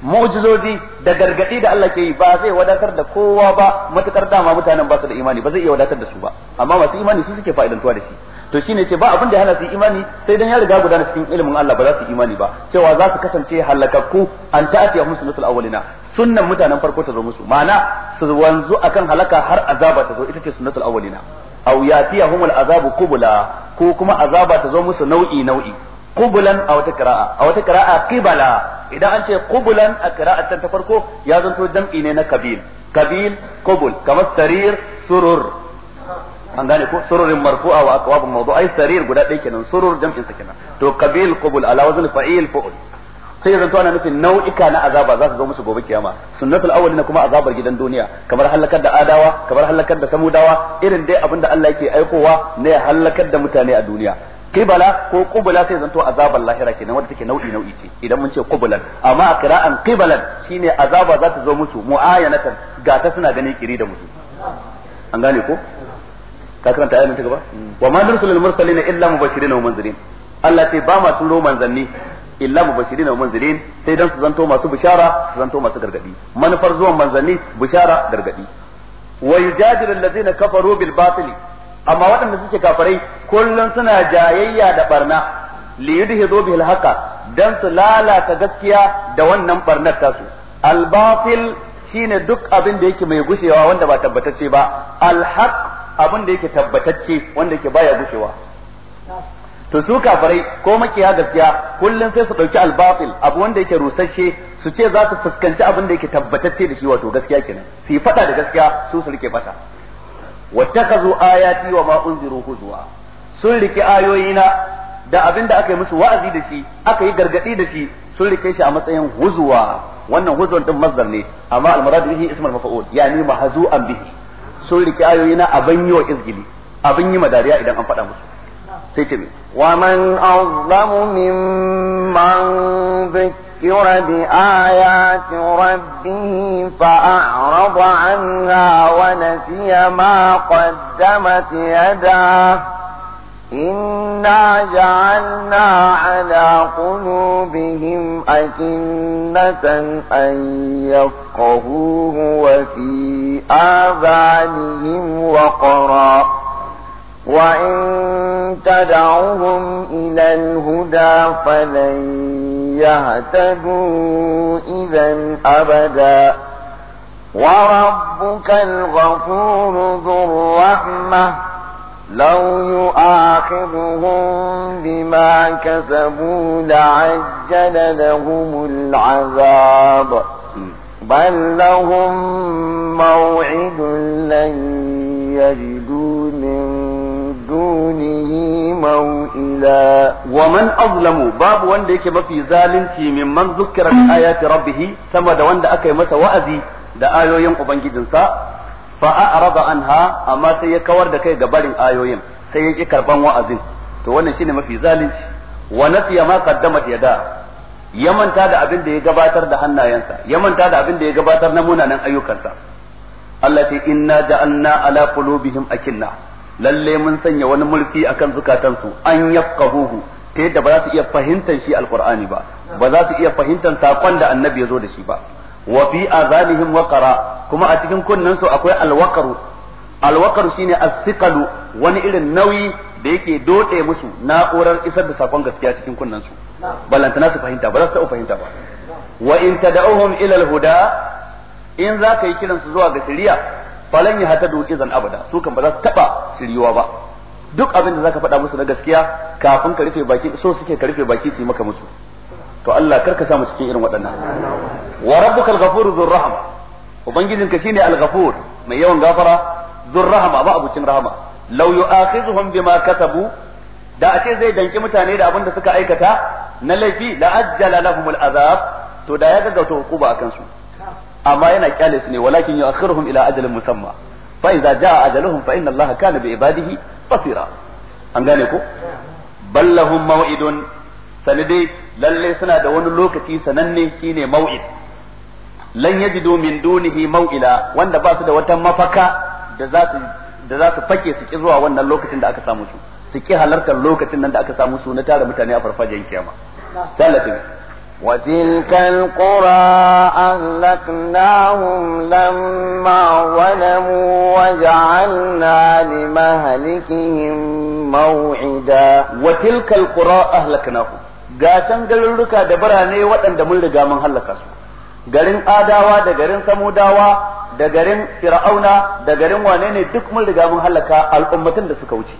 mu'jizozi da gargadi da Allah ke yi ba zai wadatar da kowa ba matukar dama mutanen ba su da imani ba zai iya wadatar da su ba amma masu imani su suke fa'idantuwa da shi to shine ce ba abin da ya hana su imani sai dan ya riga gudana cikin ilimin Allah ba za su imani ba cewa za su kasance halakakku an ta'ati ahum sunnatul awwalina sunnan mutanen farko ta zo musu ma'ana su wanzu akan halaka har azaba ta zo ita ce sunnatul awwalina aw yatiyahum al azabu kubula ko kuma azaba ta zo musu nau'i nau'i Kubulan a wata qira'a a wata qira'a qibala idan an ce kubulan a qira'atan ta farko ya zanto jam'i ne na kabil kabil kubul. kamar sarir surur an gane ko sururin marfu'a wa aqwabun mawdu'ai sarir guda ɗaya kenan surur jam'in sa kenan to kabil kubul ala wazn fa'il fu'ul sai ya zanto ana nufin nau'ika na azaba za su zo musu gobe kiyama sunnatul awwalina kuma azabar gidan duniya kamar halakar da adawa kamar halakar da samudawa irin dai abin da Allah yake aikowa ne ya halakar da mutane a duniya qibala ko qubla sai zanto azabar lahira kenan wanda take nau'i nau'i ce idan mun ce qublan amma qira'an qibalan shine azaba za ta zo musu mu'ayanatan ga ta suna gani kiri da musu an gane ko ka karanta ayatin ta gaba wa ma nursilul mursalina illa mubashirin wa munzirin Allah ce ba ma sun turo manzanni illa mubashirin wa munzirin sai dan su zanto masu bishara su zanto masu gargadi manufar zuwan manzanni bishara gargadi wa yujadilu allazina kafaru bil batili amma waɗanda suke kafirai kullum suna jayayya da barna li yudhidu bil haqa dan su lalata gaskiya da wannan barnar tasu al batil shine duk abin da yake mai gushewa wanda ba tabbatacce ba al abin da yake tabbatacce wanda yake baya gushewa to su kafirai ko makiya gaskiya kullum sai su dauki al batil abu wanda yake rusasshe su ce za su fuskanci abin da yake tabbatacce da shi wato gaskiya kenan su yi fada da gaskiya su su rike fata wattakazu ayati wa ma unziru huzwa sun rike ayoyina da abin da aka yi musu wa'azi da shi aka yi gargadi da shi sun rike shi a matsayin huzuwa wannan huzuwan din mazdar ne amma al-murad bihi ismul maf'ul yani mahzu'an bihi sun rike ayoyina abin yi wa izgili abin yi madariya idan an faɗa musu sai ce wa man azlamu
mimman
ذكر بآيات
ربه فأعرض عنها ونسي ما قدمت يداه إنا جعلنا على قلوبهم أكنة أن يفقهوه وفي آذانهم وقرا وإن تدعوهم إلى الهدى فلن يهتدوا إذا أبدا وربك الغفور ذو الرحمه لو يؤاخذهم بما كسبوا لعجل لهم العذاب بل لهم موعد لن يجدوا من دونه
موئلا ومن أظلم باب وند يكي مفي ظالمتي ممن ذكر بآيات ربه ثم دا وند أكي مسا وأذي دا آيو ينقبن جنسا fa a'rada anha amma sai ya kawar da kai ga barin ayoyin sai ya ki karban wa'azin to wannan shine mafi zalunci wa nasiya ma qaddamat yada ya manta da abin da ya gabatar da hannayensa ya manta da abin da ya gabatar na munanan ayyukansa Allah ce inna ja'alna ala qulubihim akinna lalle mun sanya wani mulki akan zukatansu an huhu ta yadda ba za su iya fahimtar shi alqur'ani ba ba za su iya fahimtar sakon da annabi ya zo da shi ba wa fi azanihim waqara kuma a cikin kunnan su akwai alwaqaru alwaqaru shine as wani irin nauyi da yake dode musu na'urar isar da sakon gaskiya cikin kunnan su ballantana su fahimta ba za su fahimta ba wa in tad'uhum ila al-huda in za ka yi kiransu zuwa ga shari'a falan ya hatadu izan abada su kan ba za su taba shiriyuwa ba duk abin da zaka faɗa musu na gaskiya kafin ka rufe baki so suke ka rufe baki su yi maka musu to Allah karka sa mu cikin irin waɗannan wa rabbukal ghafurur dhur rahma ubangijinka shine al-ghafur mai yawan gafara dhur rahma ba abucin rahma law yu'akhidhuhum bima katabu da ake zai danki mutane da abin da suka aikata na laifi la ajjala lahumul azab to da ya gaggauta hukuma akan su amma yana kyale su ne walakin yu'akhiruhum ila ajalin musamma fa idza jaa ajaluhum fa inna allaha kana bi ibadihi basira an gane ko ballahum maw'idun sani dai lalle suna da wani lokaci sananne shine mau'id lan yajidu min dunihi mau'ila wanda ba su da wata mafaka da za su da za su fake su ki zuwa wannan lokacin da aka samu su su ki halartar lokacin nan da aka samu su na tara mutane a farfajiyar kiyama sallallahu alaihi وتلك القرى أهلكناهم لما ظلموا وجعلنا لمهلكهم موعدا وتلك القرى أهلكناهم ga can garuruka da birane waɗanda mun riga mun hallaka su garin adawa da garin samudawa da garin fir'auna da garin wane ne duk mun riga mun halaka al'ummatan da suka wuce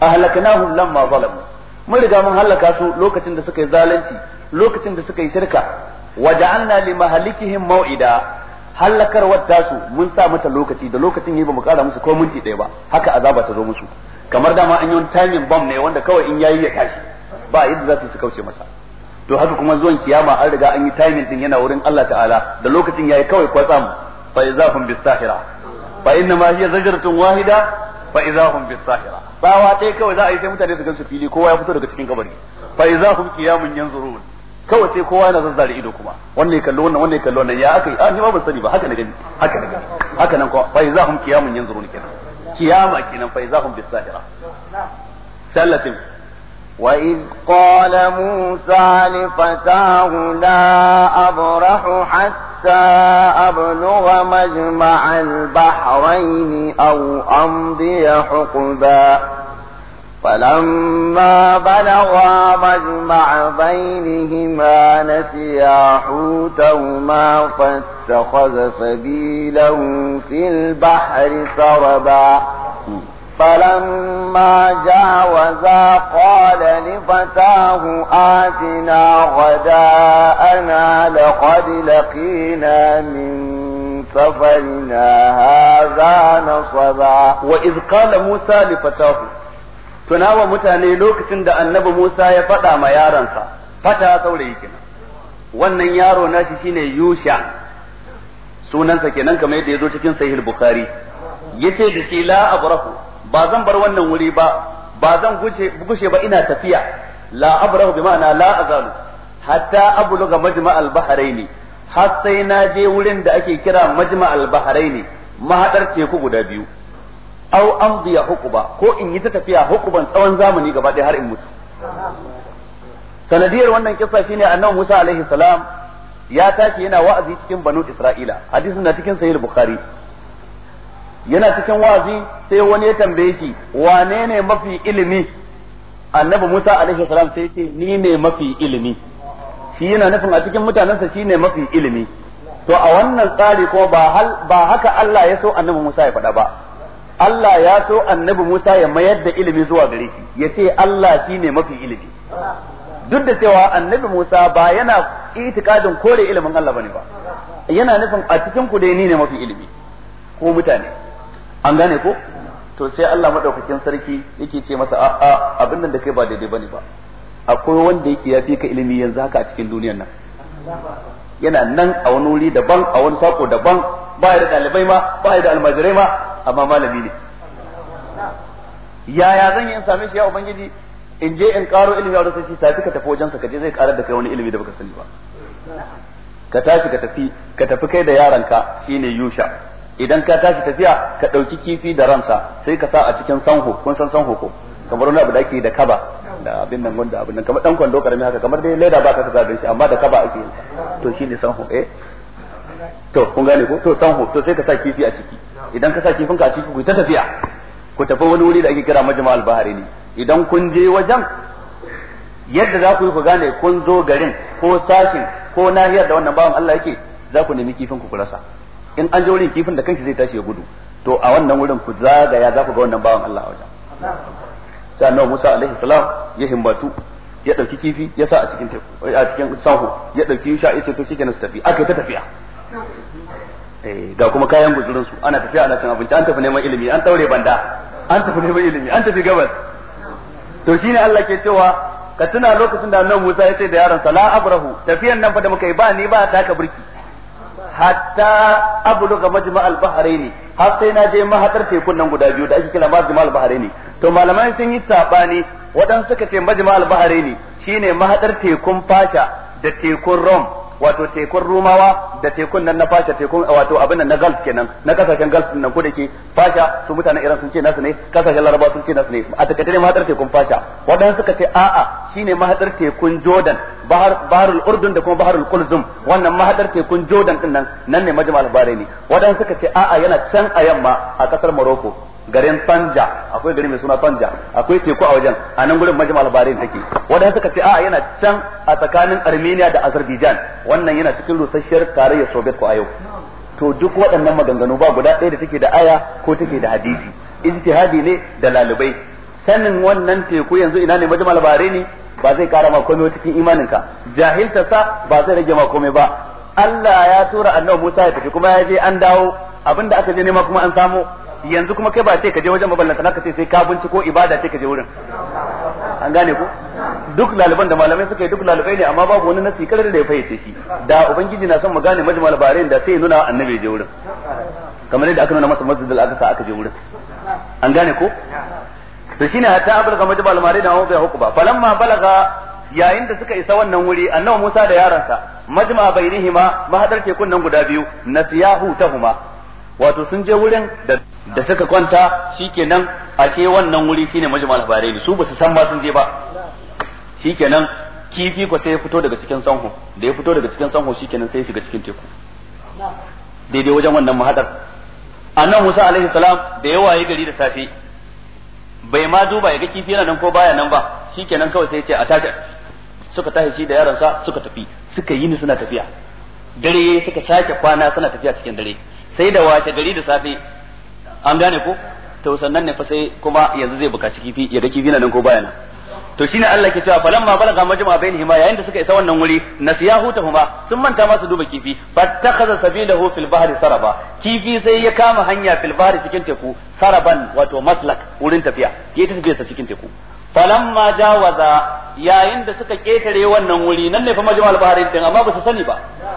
ahlaknahum
lamma zalamu mun riga mun halaka su lokacin da suka yi zalunci lokacin da suka yi shirka waja'alna mahalikihim mau'ida halakarwar su mun sa mata lokaci da lokacin yi ba mu kara musu ko minti ɗaya ba haka azaba ta zo musu kamar dama an yi timing bomb ne wanda kawai in yayi ya tashi ba yadda za su su kauce masa to haka kuma zuwan kiyama an riga an yi timing din yana wurin Allah ta'ala da lokacin yayi kawai kwatsam fa izahum sahira fa inna ma hiya zajratun wahida fa izahum sahira. ba wa dai kawai za a yi sai mutane su gansu fili kowa ya fito daga cikin kabari fa izahum qiyamun yanzurun kawai sai kowa yana zazzare ido kuma wannan ya kallo wannan wannan ya kallo wannan ya aka yi a ah, ni ba ban sani ba haka na gani haka na gani haka nan kuma fa izahum qiyamun yanzurun kenan kiyama kenan fa izahum sahira. sallatin وإذ قال موسى لفتاه لا
أبرح حتى أبلغ مجمع البحرين أو أمضي حقبا فلما بلغا مجمع بينهما نسيا حوتهما فاتخذ سبيله في البحر سربا فلما جاوزا قال لفتاه آتنا غداءنا لقد لقينا من سفرنا هذا
نصبا وإذ قال موسى لفتاه tunawa mutane lokacin da annabi Musa ya faɗa ma yaronsa fata saurayi kenan wannan yaro nashi shine Yusha sunansa kenan kamar yadda ya zo cikin sahih Bukhari yace da shi la abrahu ba zan bar wannan wuri ba ba zan gushe ba ina tafiya la abrahu bi ma'ana la azalu hatta abluga majma' al har sai na je wurin da ake kira majma' al ne. mahadar teku guda biyu aw amdiya hukuba ko in yi ta tafiya hukuban tsawon zamani gaba ɗaya har in mutu sanadiyar wannan kissa shine annabi Musa alaihi salam ya tashi yana wa'azi cikin banu Isra'ila hadisin na cikin sahih Bukhari yana cikin wazi sai wani ya tambaye shi wane ne mafi ilimi annabi Musa alaihi salam sai ce ni ne mafi ilimi shi yana nufin a cikin mutanensa shi ne mafi ilimi to a wannan tsari kuma ba haka Allah ya so annabi Musa ya faɗa ba Allah ya so annabi Musa ya mayar da ilimi zuwa gare shi ya ce Allah shi ne mafi ilimi duk da cewa annabi Musa ba yana itikadin kore ilimin Allah bane ba yana nufin a cikin ku dai ni ne mafi ilimi ko mutane an gane ko to sai Allah madaukakin sarki yake ce masa a abin nan da kai ba daidai bane ba akwai wanda yake yafi ka ilimi yanzu haka a cikin duniyar nan yana nan a wani wuri daban a wani sako daban ba ya da dalibai ma ba ya da almajirai ma amma malami ne yaya zan yi in same shi ya ubangiji in je in karo ilimi a wurin sai tafi ka tafi wajen ka je zai karar da kai wani ilimi da baka sani ba ka tashi ka tafi ka tafi kai da yaranka shine yusha idan ka tashi tafiya ka ɗauki kifi da ransa sai ka sa a cikin sanho kun san sanho ko kamar wani abu da ake da kaba da abin nan wanda abin nan kamar dan kwando karami haka kamar dai leda ba ka ka zabe shi amma da kaba ake to shine sanho eh to kun gane ko to sanho to sai ka sa kifi a ciki idan ka sa kifin ka a ciki ku ta tafiya ku tafi wani wuri da ake kira majma'a al-bahari ne idan kun je wajen yadda za ku yi ku gane kun zo garin ko sashin ko nahiyar da wannan bawan Allah yake za ku nemi kifin ku ku rasa in an je wurin kifin da kanshi zai tashi ya gudu to a wannan wurin ku zagaya za ku ga wannan bawan Allah a
wajen
sai annabi Musa alaihi salam ya himbatu ya dauki kifi ya sa a cikin teku a cikin sahu ya dauki sha ya ce to shikenan su tafi aka ta tafiya eh ga kuma kayan guzurin su ana tafiya ana cin abinci an tafi neman ilimi an daure banda an tafi neman ilimi an tafi gabas to shine Allah ke cewa ka tuna lokacin da annabi Musa ya ce da yaron sa la abrahu tafiyan nan fa da muka yi ba ni ba ta ka burki hatta abluga majma al bahraini har sai na je mahadar tekun nan guda biyu da ake kira majma al bahraini to malamai sun yi sabani waɗansu suka ce majma al bahraini shine mahadar tekun fasha da tekun rom wato tekun rumawa da tekun nan na fasha tekun wato abin nan na gulf kenan na kasashen gulf nan ko da fasha su mutanen iran sun ce nasu ne kasashen laraba sun ce nasu ne a takaice ne mahadar tekun fasha waɗansu suka ce a'a shine mahadar tekun jordan bahar baharul urdun da kuma baharul kulzum wannan mahadar tekun jordan din nan nan ne majma'al bahraini waɗansu suka ce a'a yana can a yamma a kasar morocco garin Tanja akwai gari mai suna Tanja akwai teku a wajen a nan gurin majmal labarin take wadanda suka ce a yana can a tsakanin Armenia da Azerbaijan wannan yana cikin rusasshiyar tarayyar Soviet ko a yau to duk waɗannan maganganu ba guda ɗaya da take da aya ko take da hadisi ijtihadi ne da lalibai sanin wannan teku yanzu ina ne majmal ne ba zai kara ma komai cikin imaninka jahilta sa ba zai rage ma komai ba Allah ya tura annabi Musa ya tafi kuma ya je an dawo abinda aka je nema kuma an samu yanzu kuma kai ba sai ka je wajen maballanta naka sai sai ka ko ibada sai ka je wurin an gane ko duk laliban da malamai suka yi duk lalibai ne amma babu wani nasi karar da ya fayyace shi da ubangiji na son mu gane majmal labarin da sai nuna annabi je wurin kamar yadda aka nuna masa masjidul aqsa aka je wurin an gane ko to shine hatta abulga majmal labarai da bai hukuba falamma balaga yayin da suka isa wannan wuri annabi Musa da yaransa majma bainihima mahadar tekun nan guda biyu nasiyahu tahuma wato sun je wurin da da suka kwanta shikenan ashe wannan wuri shine labarai ne su ba su san ba sun je ba shikenan kifi ko sai ya fito daga cikin sanhu da ya fito daga cikin sanho shikenan sai ya shiga cikin teku daidai wajen wannan mahadar Annan Musa alaihi salam da yawa ya gari da safe bai ma duba ya ga kifi yana nan ko baya nan ba shikenan kawai sai ya ce a tashi suka tashi shi da yaransa suka tafi suka yi ni suna tafiya dare suka sake kwana suna tafiya cikin dare sai da wace gari da safe an gane ko to sannan ne fa sai kuma yanzu zai bukaci kifi ya ga kifi nan ko baya nan to shine Allah ke cewa falamma balaga majma bainihima yayin da suka isa wannan wuri nasiyahu huma sun manta masu duba kifi fattakhadha sabilahu fil bahri saraba kifi sai ya kama hanya fil bahri cikin teku saraban wato maslak wurin tafiya yayin tafiya sa cikin teku falamma jawaza yayin da suka ketare wannan wuri nan ne fa majmal baharin din amma ba su sani ba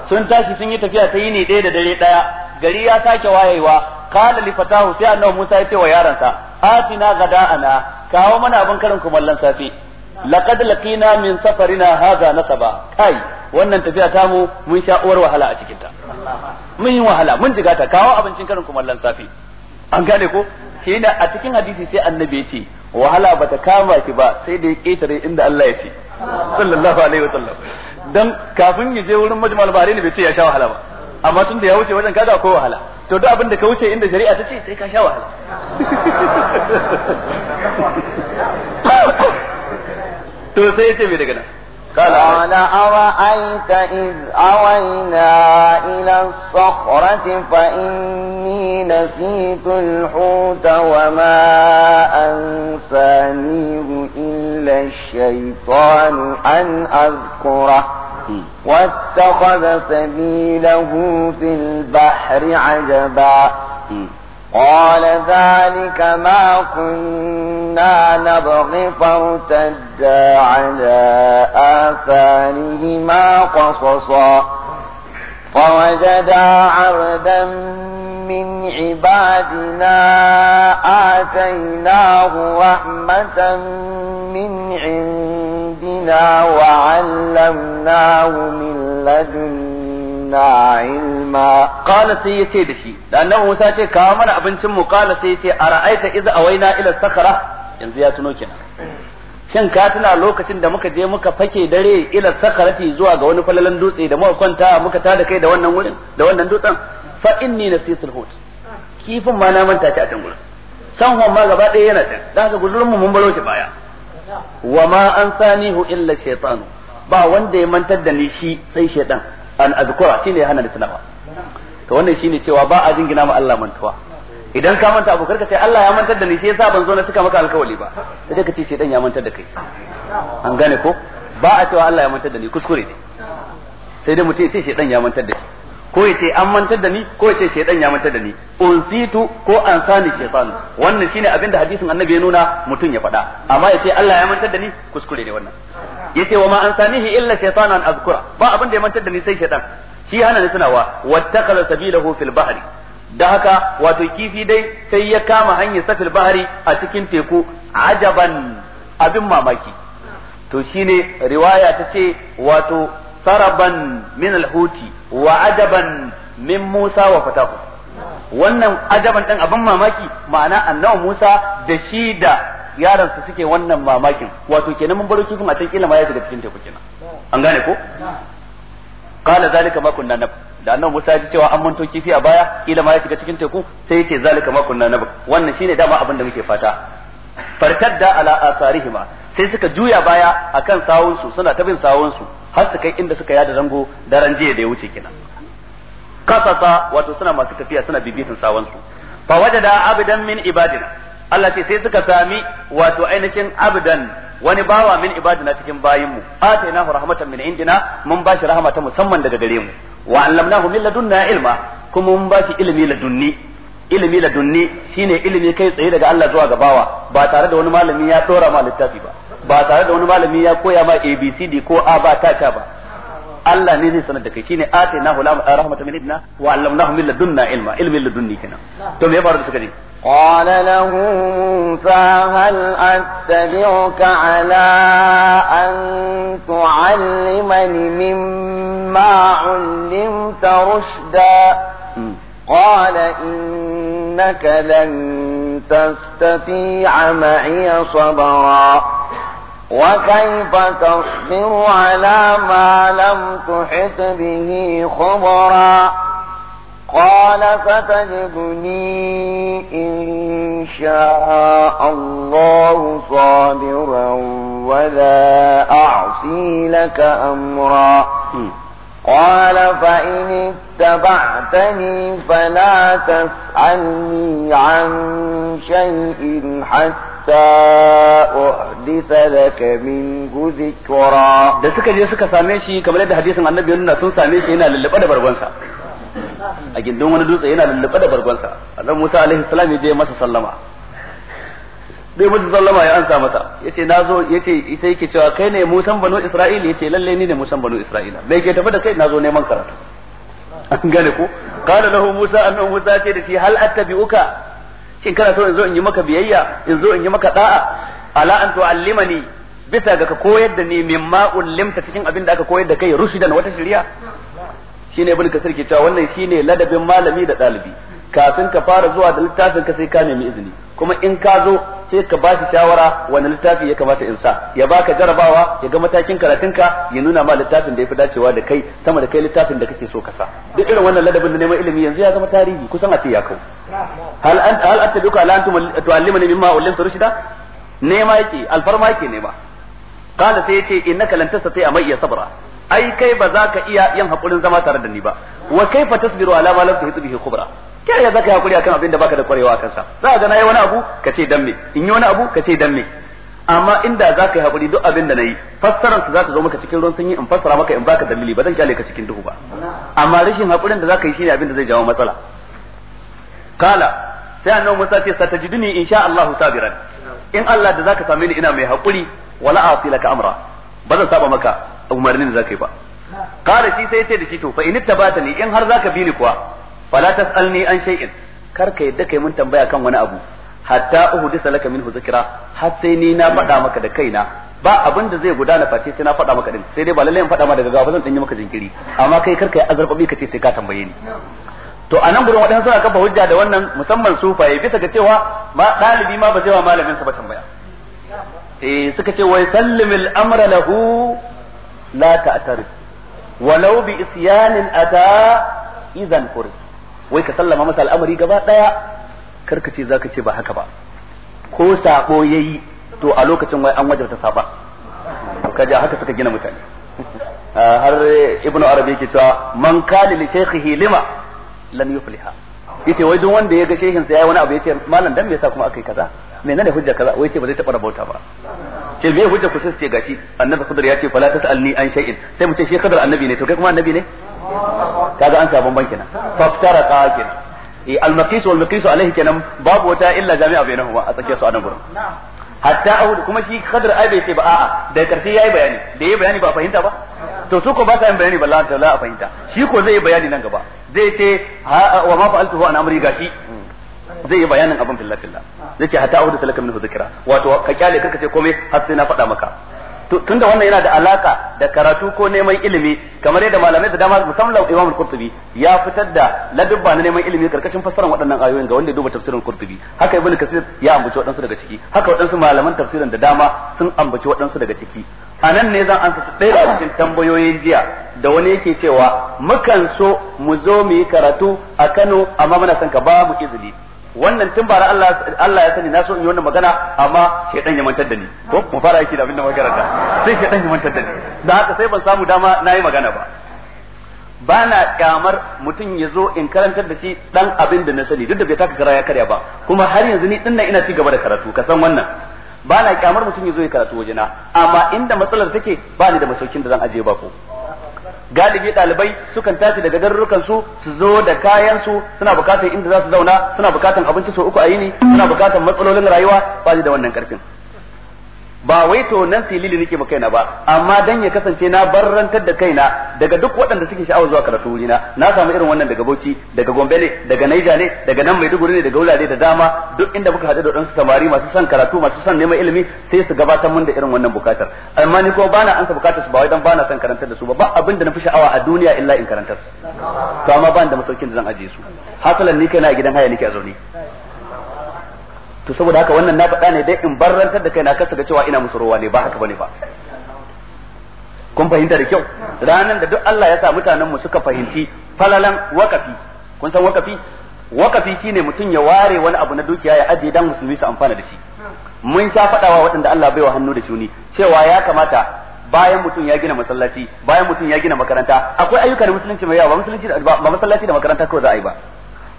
sun tashi sun yi tafiya ta yini daya da dare daya gari ya sake wayewa kala li fatahu sai annabi Musa ya ce wa yaransa atina gada'ana kawo mana abin karin kumallon safi laqad laqina min safarina hadha nasaba kai wannan tafiya ta mu mun sha wahala a cikin ta mun yi wahala mun jiga ta kawo abincin karin kumallon safi an gane ko shine a cikin hadisi sai annabi ya ce wahala ba ta kama ki ba sai da ya ketare inda Allah ya ce sallallahu alaihi sallam dan kafin ya je wurin majmal bare ne bai ce ya sha wahala ba amma tun da ya wuce wajen kaga ko wahala to duk abin da ka wuce inda shari'a ta ce sai ka sha wahala to sai ya ce mai daga nan قال
أرأيت إذ أوينا إلى الصخرة فإني نسيت الحوت وما أنسانيه إلا الشيطان أن أذكره واتخذ سبيله في البحر عجبا قال ذلك ما كنا نبغي فارتدا على آثارهما قصصا
فوجدا
عبدا من عبادنا آتيناه رحمة من عندنا وعلمناه من لدنا
علما قال سيتي دشي لأنه موسى كامل أبنتم قال سيتي أرأيت إذا أوينا إلى الصخرة yanzu ya shin ka tuna lokacin da muka je muka fake dare ila sakarati zuwa ga wani falalan dutse da muka kwanta muka tada kai da wannan wurin da wannan dutsen fa inni nasitul hut kifin ma na manta ta can gurin san ma gaba ɗaya yana can da haka gudurin mu mun baro shi baya wa ma an sanihu illa shaytan ba wanda ya mantar da ni shi sai shaytan an azkura shine ya hana ni tunawa to wannan shine cewa ba a jingina ma Allah mantuwa idan ka manta abokar ka sai Allah ya mantar da ni sai yasa ban zo na suka maka alkawali ba sai ka ce shaytan ya mantar da kai an gane ko ba a cewa Allah ya mantar da ni kuskure ne sai dai mutum sai shaytan ya mantar da shi ko ya ce an mantar da ni ko ya ce ya mantar da ni unsitu ko an sani shaytan wannan shine abin da hadisin annabi ya nuna mutum ya faɗa amma ya ce Allah ya mantar da ni kuskure ne wannan yace wa ma an sanihi illa shaytanan azkura ba abin da ya mantar da ni sai shaytan shi hana ni wa wattakala sabilahu fil bahri da haka wato kifi dai sai ya kama hanyar safil bahari a cikin teku ajaban abin mamaki to shine riwaya ta ce wato saraban min huti wa adaban min Musa wa Fataku. wannan ajaban din abin mamaki ma'ana annabi Musa da shi da yaran su suke wannan mamakin wato kenan mun baro kifin a can kila ma ya daga cikin teku kenan an gane ko qala zalika ma kunna nab da annabi Musa ya cewa an manto kifi a baya kila ma ya shiga cikin teku sai yake zalika ma kunna nab wannan shine dama abin da muke fata fartadda ala asarihima sai suka juya baya akan sawunsu suna ta bin sawunsu har su kai inda suka yada zango daren jiya da ya wuce kenan kasasa wato suna masu tafiya suna bibitin sawansu fa wajada abdan min ibadina Allah ce sai suka sami wato ainihin abdan wani bawa min ibadina cikin bayinmu atainahu rahmatan min indina mun bashi rahama ta musamman daga gare mu wa allamnahu min ladunna ilma kuma mun bashi ilmi ladunni ilmi ladunni shine ilmi kai tsaye daga Allah zuwa ga bawa ba tare da wani malami ya dora ma littafi ba ba tare da wani malami ya koya ma abcd ko a ba ta ta ba Allah ne zai sanar da kai shine atayna hu rahmatan min idna wa allamnahu min ladunna ilma ilmi ladunni kenan to me ya faru da suka a
قال له موسى هل أتبعك على أن تعلمني مما علمت رشدا قال إنك لن تستطيع معي صبرا
وكيف
تصبر على ما لم تحط به خبرا قال فتجدني إن شاء الله صابرا ولا أعصي لك أمرا قال فإن اتبعتني فلا تسألني عن شيء حتى أحدث لك
منه ذكرا da suka je suka same shi kamar yadda hadisin annabi ya nuna sun same shi yana lullube da bargonsa a gindin wani dutse yana lullube da bargonsa annabi Musa alaihi salam ya je masa sallama bai mutu sallama ya ansa mata yace nazo yace sai yake cewa kai ne musan banu isra'ila yace lalle ni ne musan banu isra'ila bai ke tafi da kai Na zo neman karatu an gane ko qala lahu musa annahu musa ce da shi hal attabi'uka shin kana so in zo in yi maka biyayya in zo in yi maka da'a ala an tu'allimani bisa ga ka koyar da ni mimma ullimta cikin abin da aka koyar da kai rushidan wata shari'a shine ibn kasir ke cewa wannan shine ladabin malami da dalibi kafin ka fara zuwa da littafin ka sai ka nemi izini kuma in ka zo sai ka ba shi shawara wani littafi ya kamata in sa ya baka jarabawa ya ga matakin karatunka ya nuna ma littafin da ya fi dacewa da kai sama da kai littafin da kake so ka sa duk irin wannan ladabin da neman ilimi yanzu ya zama tarihi kusan a ce ya kau hal an hal attabiku ala antum tuallimuni mimma ullimtu rushida nema yake alfarma yake nema kana sai yace innaka lan tastati amayya sabra ai kai ba za ka iya yin hakurin zama tare da ni ba wa kaifa tasbiru ala ma lam tuhit bihi khubra ta ya zaka hakuri akan abin da baka da kwarewa kansa za ga nayi wani abu ka ce dan me in yi wani abu ka ce dan me amma inda za hakuri duk abin da nayi fassarar su za ta zo maka cikin ruwan sanyi in fassara maka in baka dalili ba zan kyale ka cikin duhu ba amma rashin hakurin da zaka yi shine abin da zai jawo matsala kala sai annabi Musa ce satajiduni insha Allah sabiran in Allah da zaka same ni ina mai hakuri wala a'ti laka amra ba zan saba maka umarnin da zaka yi ba kala shi sai ya ce da shi to fa in bata ni in har zaka bi ni kuwa fala tasalni an shay'in kar ka yadda kai mun tambaya kan wani abu hatta uhdisa laka minhu zikra har sai ni na faɗa maka da kaina ba abin da zai gudana face sai na faɗa maka din sai dai ba lalle in faɗa ma daga gaba zan danyi maka jinkiri amma kai kar ka yi azarbabi ka ce sai ka tambaye ni to a nan gurin waɗansu suna kafa hujja da wannan musamman sufaye bisa ga cewa ma ɗalibi ma ba zai wa malamin sa ba tambaya eh suka ce wai sallimil amra lahu la ta'tarif walau bi isyanin ata idan furid wai ka sallama masa al'amari gaba daya karka ce zaka ce ba haka ba ko sako yayi to a lokacin wai an wajabta saba kaje haka suka gina mutane ah, har ibnu arabi yake cewa man kana li shaykhihi lima lam yufliha yace wai duk wanda ya ga shehin sa yayi wani abu yace malam dan me yasa kuma akai kaza me menene hujja kaza wai ce ba zai taba rabauta ba ce me hujja ku sai ce gashi annabi khidr ya ce fala tasalni an shay'in sai mu ce shi khidr annabi ne to kai kuma annabi ne kaga an sabon banki nan faftaraqa kenan eh al-maqis wal maqis alaihi kenan babu wata illa jami'a bainahuma a tsakiyar su anan gurin hatta ahud kuma shi kadar ai bai ce ba a'a da karshe yayi bayani da yayi bayani ba a fahimta ba to su ko ba ta yin bayani ba ta la a fahimta shi ko zai yi bayani nan gaba zai ce wa ma fa'altuhu an amri gashi zai yi bayanin abin fillah fillah zai ce hatta ahud salaka minhu zikra wato ka kyale kanka ce komai har sai na faɗa maka tunda wannan yana da alaka da karatu ko neman ilimi kamar yadda malamai da dama musamman Imam Al-Qurtubi ya fitar da ladabba na neman ilimi karkashin fassarar waɗannan ayoyin ga wanda ya duba tafsirin Qurtubi haka Ibn Kasir ya ambaci waɗansu daga ciki haka waɗansu malaman tafsirin da dama sun ambaci waɗansu daga ciki a nan ne zan ansa ɗaya daga cikin tambayoyin jiya da wani yake cewa mukan so mu zo mu yi karatu a Kano amma muna son ka ba mu izini wannan tun bara Allah Allah ya sani na so in yi wannan magana amma shaidan ya mantar da ni ko mu fara yake da abin da sai shaidan ya mantar da ni da haka sai ban samu dama na yi magana ba ba na kyamar mutum ya zo in karantar da shi dan abin da na sani duk da bai taka kara ya karya ba kuma har yanzu ni dinnan ina ci gaba da karatu ka san wannan ba na kyamar mutum ya zo ya karatu wajena amma inda matsalar take ba ni da masaukin da zan aje ba ko galibi dalibai sukan tashi daga garurukan su su zo da kayan su suna bukatar inda za su zauna suna bukatar abinci sau uku a yini suna bukatar matsalolin rayuwa ba da wannan karfin ba wai to nan silili nake ma kaina ba amma dan ya kasance na barrantar da kaina daga duk waɗanda suke sha'awar zuwa karatu wurina na samu irin wannan daga Bauchi daga Gombe ne daga Naija ne daga nan Maiduguri ne daga wurare da dama duk inda muka haɗu da ɗansu samari masu son karatu masu son neman ilimi sai su gabatar mun da irin wannan bukatar amma ni kuma bana ansa bukatar su ba wai dan bana son karantar da su ba ba abin na fi sha'awa a duniya illa in karantar su to amma ban da masaukin da zan aje su hasalan ni kaina a gidan haya nake a zaune to saboda haka wannan na faɗa ne dai in barrantar da kai na kasa da cewa ina musu ruwa ne ba haka bane ba kun fahimta da kyau ranan da duk Allah ya sa mutanen mu suka fahimci falalan wakafi kun san wakafi wakafi shine mutum ya ware wani abu na dukiya ya ajiye dan musulmi su amfana da shi mun sha faɗawa waɗanda Allah baiwa hannu da shuni cewa ya kamata bayan mutum ya gina masallaci bayan mutum ya gina makaranta akwai ayyukan musulunci mai yawa ba musulunci da ba masallaci da makaranta kawai za a yi ba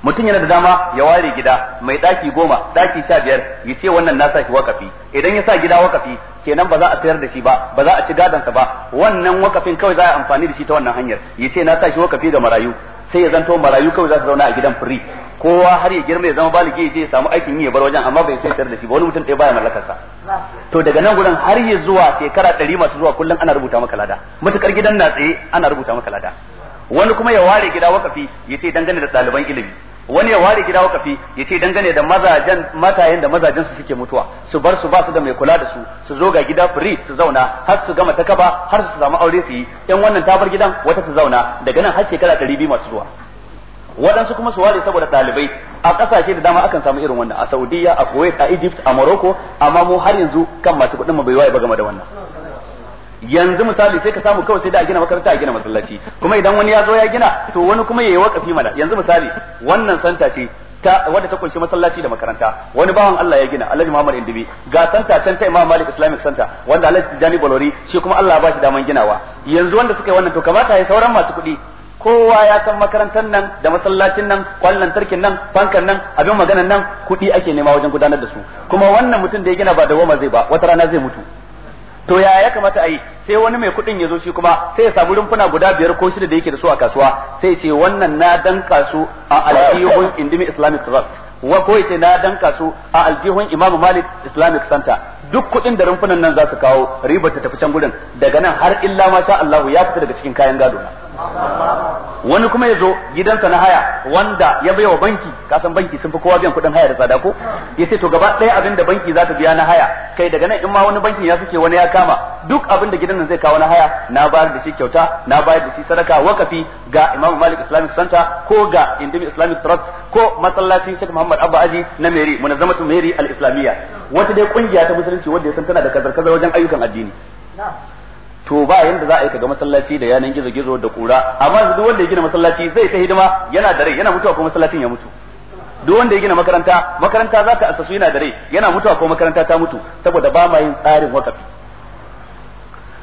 mutum yana da dama ya ware gida mai daki goma daki sha biyar ya ce wannan na sa shi wakafi idan ya sa gida wakafi kenan ba za a sayar da shi ba ba za a ci gadonsa ba wannan wakafin kawai za a amfani da shi ta wannan hanyar ya ce na sa shi wakafi ga marayu sai ya zanto marayu kawai za su zauna a gidan firi kowa har ya girma ya zama baligi ya je ya samu aikin yi ya bar wajen amma bai sai sayar da shi ba wani mutum ɗaya baya mallakarsa
to daga nan gudan har
ya zuwa shekara ɗari masu zuwa kullum ana rubuta maka lada matukar gidan na tsaye ana rubuta maka lada wani kuma ya ware gida wakafi ya ce dangane da ɗaliban ilimi wani ya ware gida wakafi ya ce dangane da mazajen matayen da mazajen su suke mutuwa su bar su ba su da mai kula da su su zo ga gida fri su zauna har su gama takaba har su samu aure su yi in wannan ta bar gidan wata su zauna daga nan har shekara biyu masu zuwa waɗansu kuma su ware saboda ɗalibai a ƙasashe da dama akan samu irin wannan a Saudiya a Kuwait a Egypt a Morocco amma mu har yanzu kan masu kuɗin mu bai waye ba game da wannan yanzu misali sai ka samu kawai sai da a gina makaranta a gina masallaci kuma idan wani ya zo ya gina to wani kuma ya yi wakafi mana yanzu misali wannan santa ce ta wadda ta kunshi masallaci da makaranta wani bawan Allah ya gina Alhaji Muhammad Indibi ga santa can ta Imam Malik Islamic Center wanda Alhaji Jani Bolori shi kuma Allah ba shi daman ginawa yanzu wanda suka yi wannan to kamata ya sauran masu kuɗi kowa ya san makarantar nan da masallacin nan kwan lantarkin nan bankan nan abin maganan nan kuɗi ake nema wajen gudanar da su kuma wannan mutum da ya gina ba da goma zai ba wata rana zai mutu to ya ya kamata a yi sai wani mai kuɗin ya zo shi kuma sai ya samu rumfuna guda biyar ko shida da yake da su a kasuwa sai ya ce wannan na danka su a aljihun indimi islamic trust wa ko yace na danka su a aljihun imamu malik islamic center duk kuɗin da rumfunan nan za su kawo ribar ta tafi can gurin daga nan har illa ma sha Allah ya fita daga cikin kayan gado wani kuma ya zo gidansa na haya wanda ya bai wa banki kasan banki sun fi kowa biyan kuɗin haya da tsada ko ya ce to gaba ɗaya abin da banki za ta biya na haya kai daga nan in ma wani bankin ya suke wani ya kama duk abin da gidan nan zai kawo na haya na bayar da shi kyauta na bayar da shi sadaka wakafi ga Imam Malik Islamic Center ko ga Indimi Islamic Trust ko masallacin Sheikh Muhammad Abba Aji na Meri munazzamatu Meri al-Islamiyya wata dai kungiya ta musulunci wanda ya san tana da kazar-kazar wajen ayyukan addini to ba yanda za a yi ka masallaci da yanan gizo gizo da kura amma duk wanda ya gina masallaci zai ta hidima yana da rai yana mutuwa ko masallacin ya mutu duk wanda ya gina makaranta makaranta za ta asasu yana da rai yana mutuwa ko makaranta ta mutu saboda ba ma yin tsarin wakafi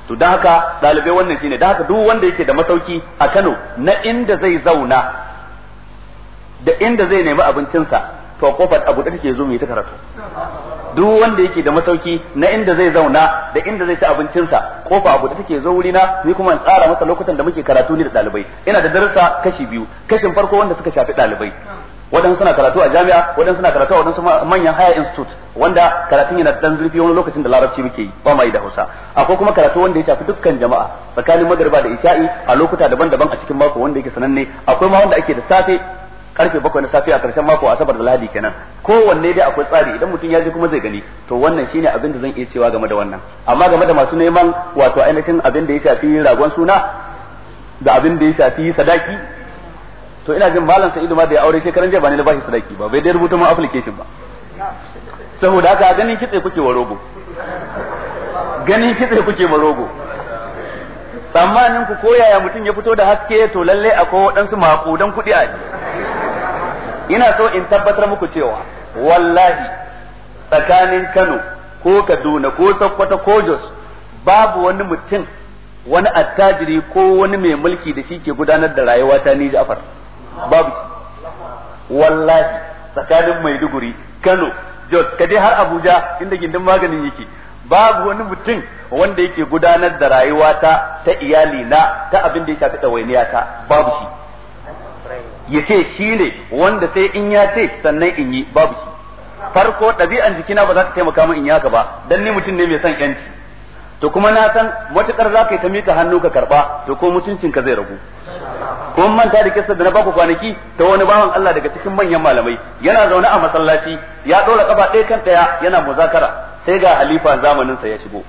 to dan haka dalibai wannan shine dan haka duk wanda yake da masauki a Kano na inda zai zauna da inda zai nemi abincinsa to kofar abu da take zo mu ta karatu duk wanda yake da masauki na inda zai zauna da inda zai ci abincinsa kofa abu da take zo wuri na ni kuma in tsara masa lokutan da muke karatu ni da dalibai ina da darussa kashi biyu kashin farko wanda suka shafi dalibai waɗansu suna karatu a jami'a waɗansu suna karatu a waɗansu manyan higher institute wanda karatun yana dan zurfi wani lokacin da larabci muke yi ba mai da Hausa akwai kuma karatu wanda ya shafi dukkan jama'a tsakanin magarba da isha'i a lokuta daban-daban a cikin mako wanda yake sananne akwai ma wanda ake da safe karfe bakwai na safe a karshen mako asabar da lahadi kenan kowanne dai akwai tsari idan mutum ya je kuma zai gani to wannan shine abin da zan iya cewa game da wannan amma game da masu neman wato ainihin abin da ya shafi ragon suna da abin da ya shafi sadaki to ina jin malam sa'idu ma da ya aure shekaran jiya ba ne na bashi sadaki ba bai da rubuta mu application ba saboda haka ganin kitse kuke warogo rogo ganin kitse kuke warogo rogo tsammanin ku koyaya mutum ya fito da haske to lalle akwai waɗansu maƙudan kuɗi a ina so in tabbatar muku cewa wallahi tsakanin Kano ko Kaduna ko Sokoto ko Jos babu wani mutum wani attajiri ko wani mai mulki da shi ke gudanar da rayuwa ta ni Ja'far babu wallahi tsakanin Maiduguri Kano Jos kaje har Abuja inda gindin maganin yake babu wani mutum wanda yake gudanar da rayuwata ta iyali na ta abin da ya shafi ta babu shi ya ce shi ne wanda sai in ya ce sannan in yi babu shi farko ɗabi'an jikina ba za ta taimaka min in yaka ba dan ni mutum ne mai son yanci to kuma na san matukar za ka yi ta mika hannu ka karba to ko mutuncin ka zai ragu ko manta da kissa da na baku kwanaki ta wani bawan Allah daga cikin manyan malamai yana zaune a masallaci ya ɗora kafa ɗaya kan ɗaya yana muzakara sai ga halifa zamanin sa ya shigo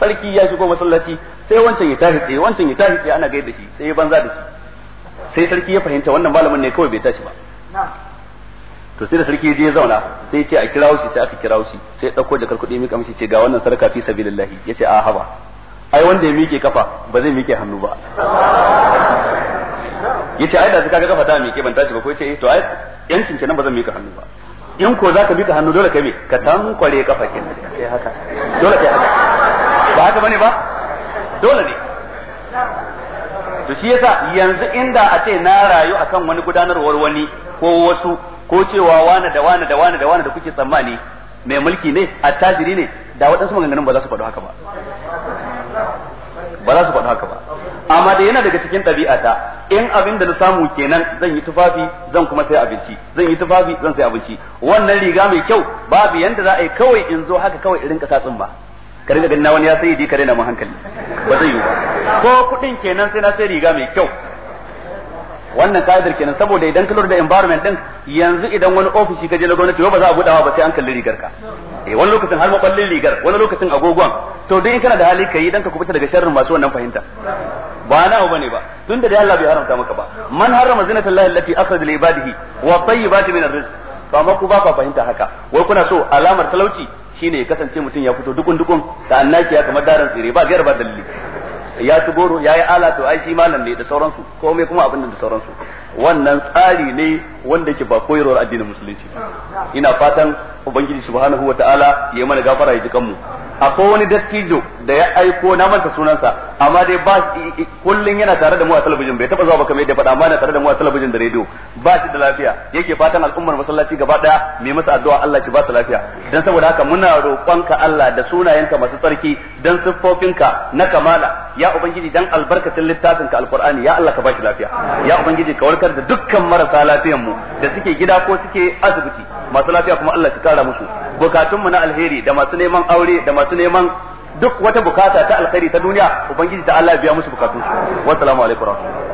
sarki ya shigo masallaci sai wancan ya tashi tsaye wancan ya tashi tsaye ana gaida shi sai ya banza da shi sai sarki ya fahimta wannan malamin ne kawai bai tashi ba to sai da sarki je zauna sai ya ce a kirawo shi sai aka kirawo shi sai ya dauko jakar kuɗi mika mishi ce ga wannan sarka fi sabilillah yace a haba ai wanda ya mike kafa ba zai mike hannu ba yace ai da zaka ga kafa ta mike ban tashi ba ko yace eh, to ai yancin kenan ba zan mike hannu ba in ko zaka mike hannu dole kai me ka tan kware kafa kenan sai haka dole kai
haka ba haka bane ba dole ne
to shi yasa yanzu inda a ce na rayu akan wani gudanarwar wani ko wasu ko cewa wani da wani da wani da wani da kuke tsammani mai mulki ne attajiri ne da waɗansu maganganun ba za su faɗo haka ba ba za su faɗo haka ba amma da yana daga cikin ɗabi'ata in abin da na samu kenan zan yi tufafi zan kuma sai abinci zan yi tufafi zan sai abinci wannan riga mai kyau babu yanda za a yi kawai in zo haka kawai irin ka ba ka riga ganin wani ya sai ji ka daina mun hankali ba zai yi ba ko kudin kenan sai na sai riga mai kyau wannan kadir kenan saboda idan ka lura da environment din yanzu idan wani ofishi ka je na gwamnati ba za a budawa ba sai an kalli rigar ka eh wani lokacin har makwallin rigar wani lokacin agogon to duk in kana da hali kai dan ka kubuta daga sharrin masu wannan fahimta ba na ba ne ba tun da Allah bai haramta maka ba man harrama zinatallahi allati akhraj li ibadihi wa tayyibati min arrizq fa amma ku ba ka fahimta haka wai kuna so alamar talauci shine ya kasance mutum ya fito dukun dukun da annaki ya kamar daren tsire ba gaira ba dalili ya ci goro ya yi ala to ai shi malam ne da sauransu ko komai kuma abin da sauransu wannan tsari ne wanda ke ba koyarwar addinin musulunci ina fatan ubangiji subhanahu wataala ya mana gafara ya ji kanmu akwai wani dattijo da ya aiko na manta sunansa amma dai ba kullun yana tare da mu a talabijin bai taba zuwa ba kamar yadda faɗa amma yana tare da mu a talabijin da rediyo ba shi da lafiya yake fatan al'ummar masallaci gaba daya mai masa addu'a Allah shi ba su lafiya dan saboda haka muna roƙonka Allah da sunayenka masu tsarki dan siffofinka na kamala ya ubangiji dan albarkatun littafin ka alqur'ani ya Allah ka ba shi lafiya ya ubangiji ka warkar da dukkan marasa lafiyan mu da suke gida ko suke asibiti masu lafiya kuma Allah shi ka tara musu bukatunmu na alheri da masu neman aure da masu neman duk wata bukata ta alheri ta duniya ubangiji ta Allah biya musu bukatun wassalamu alaikum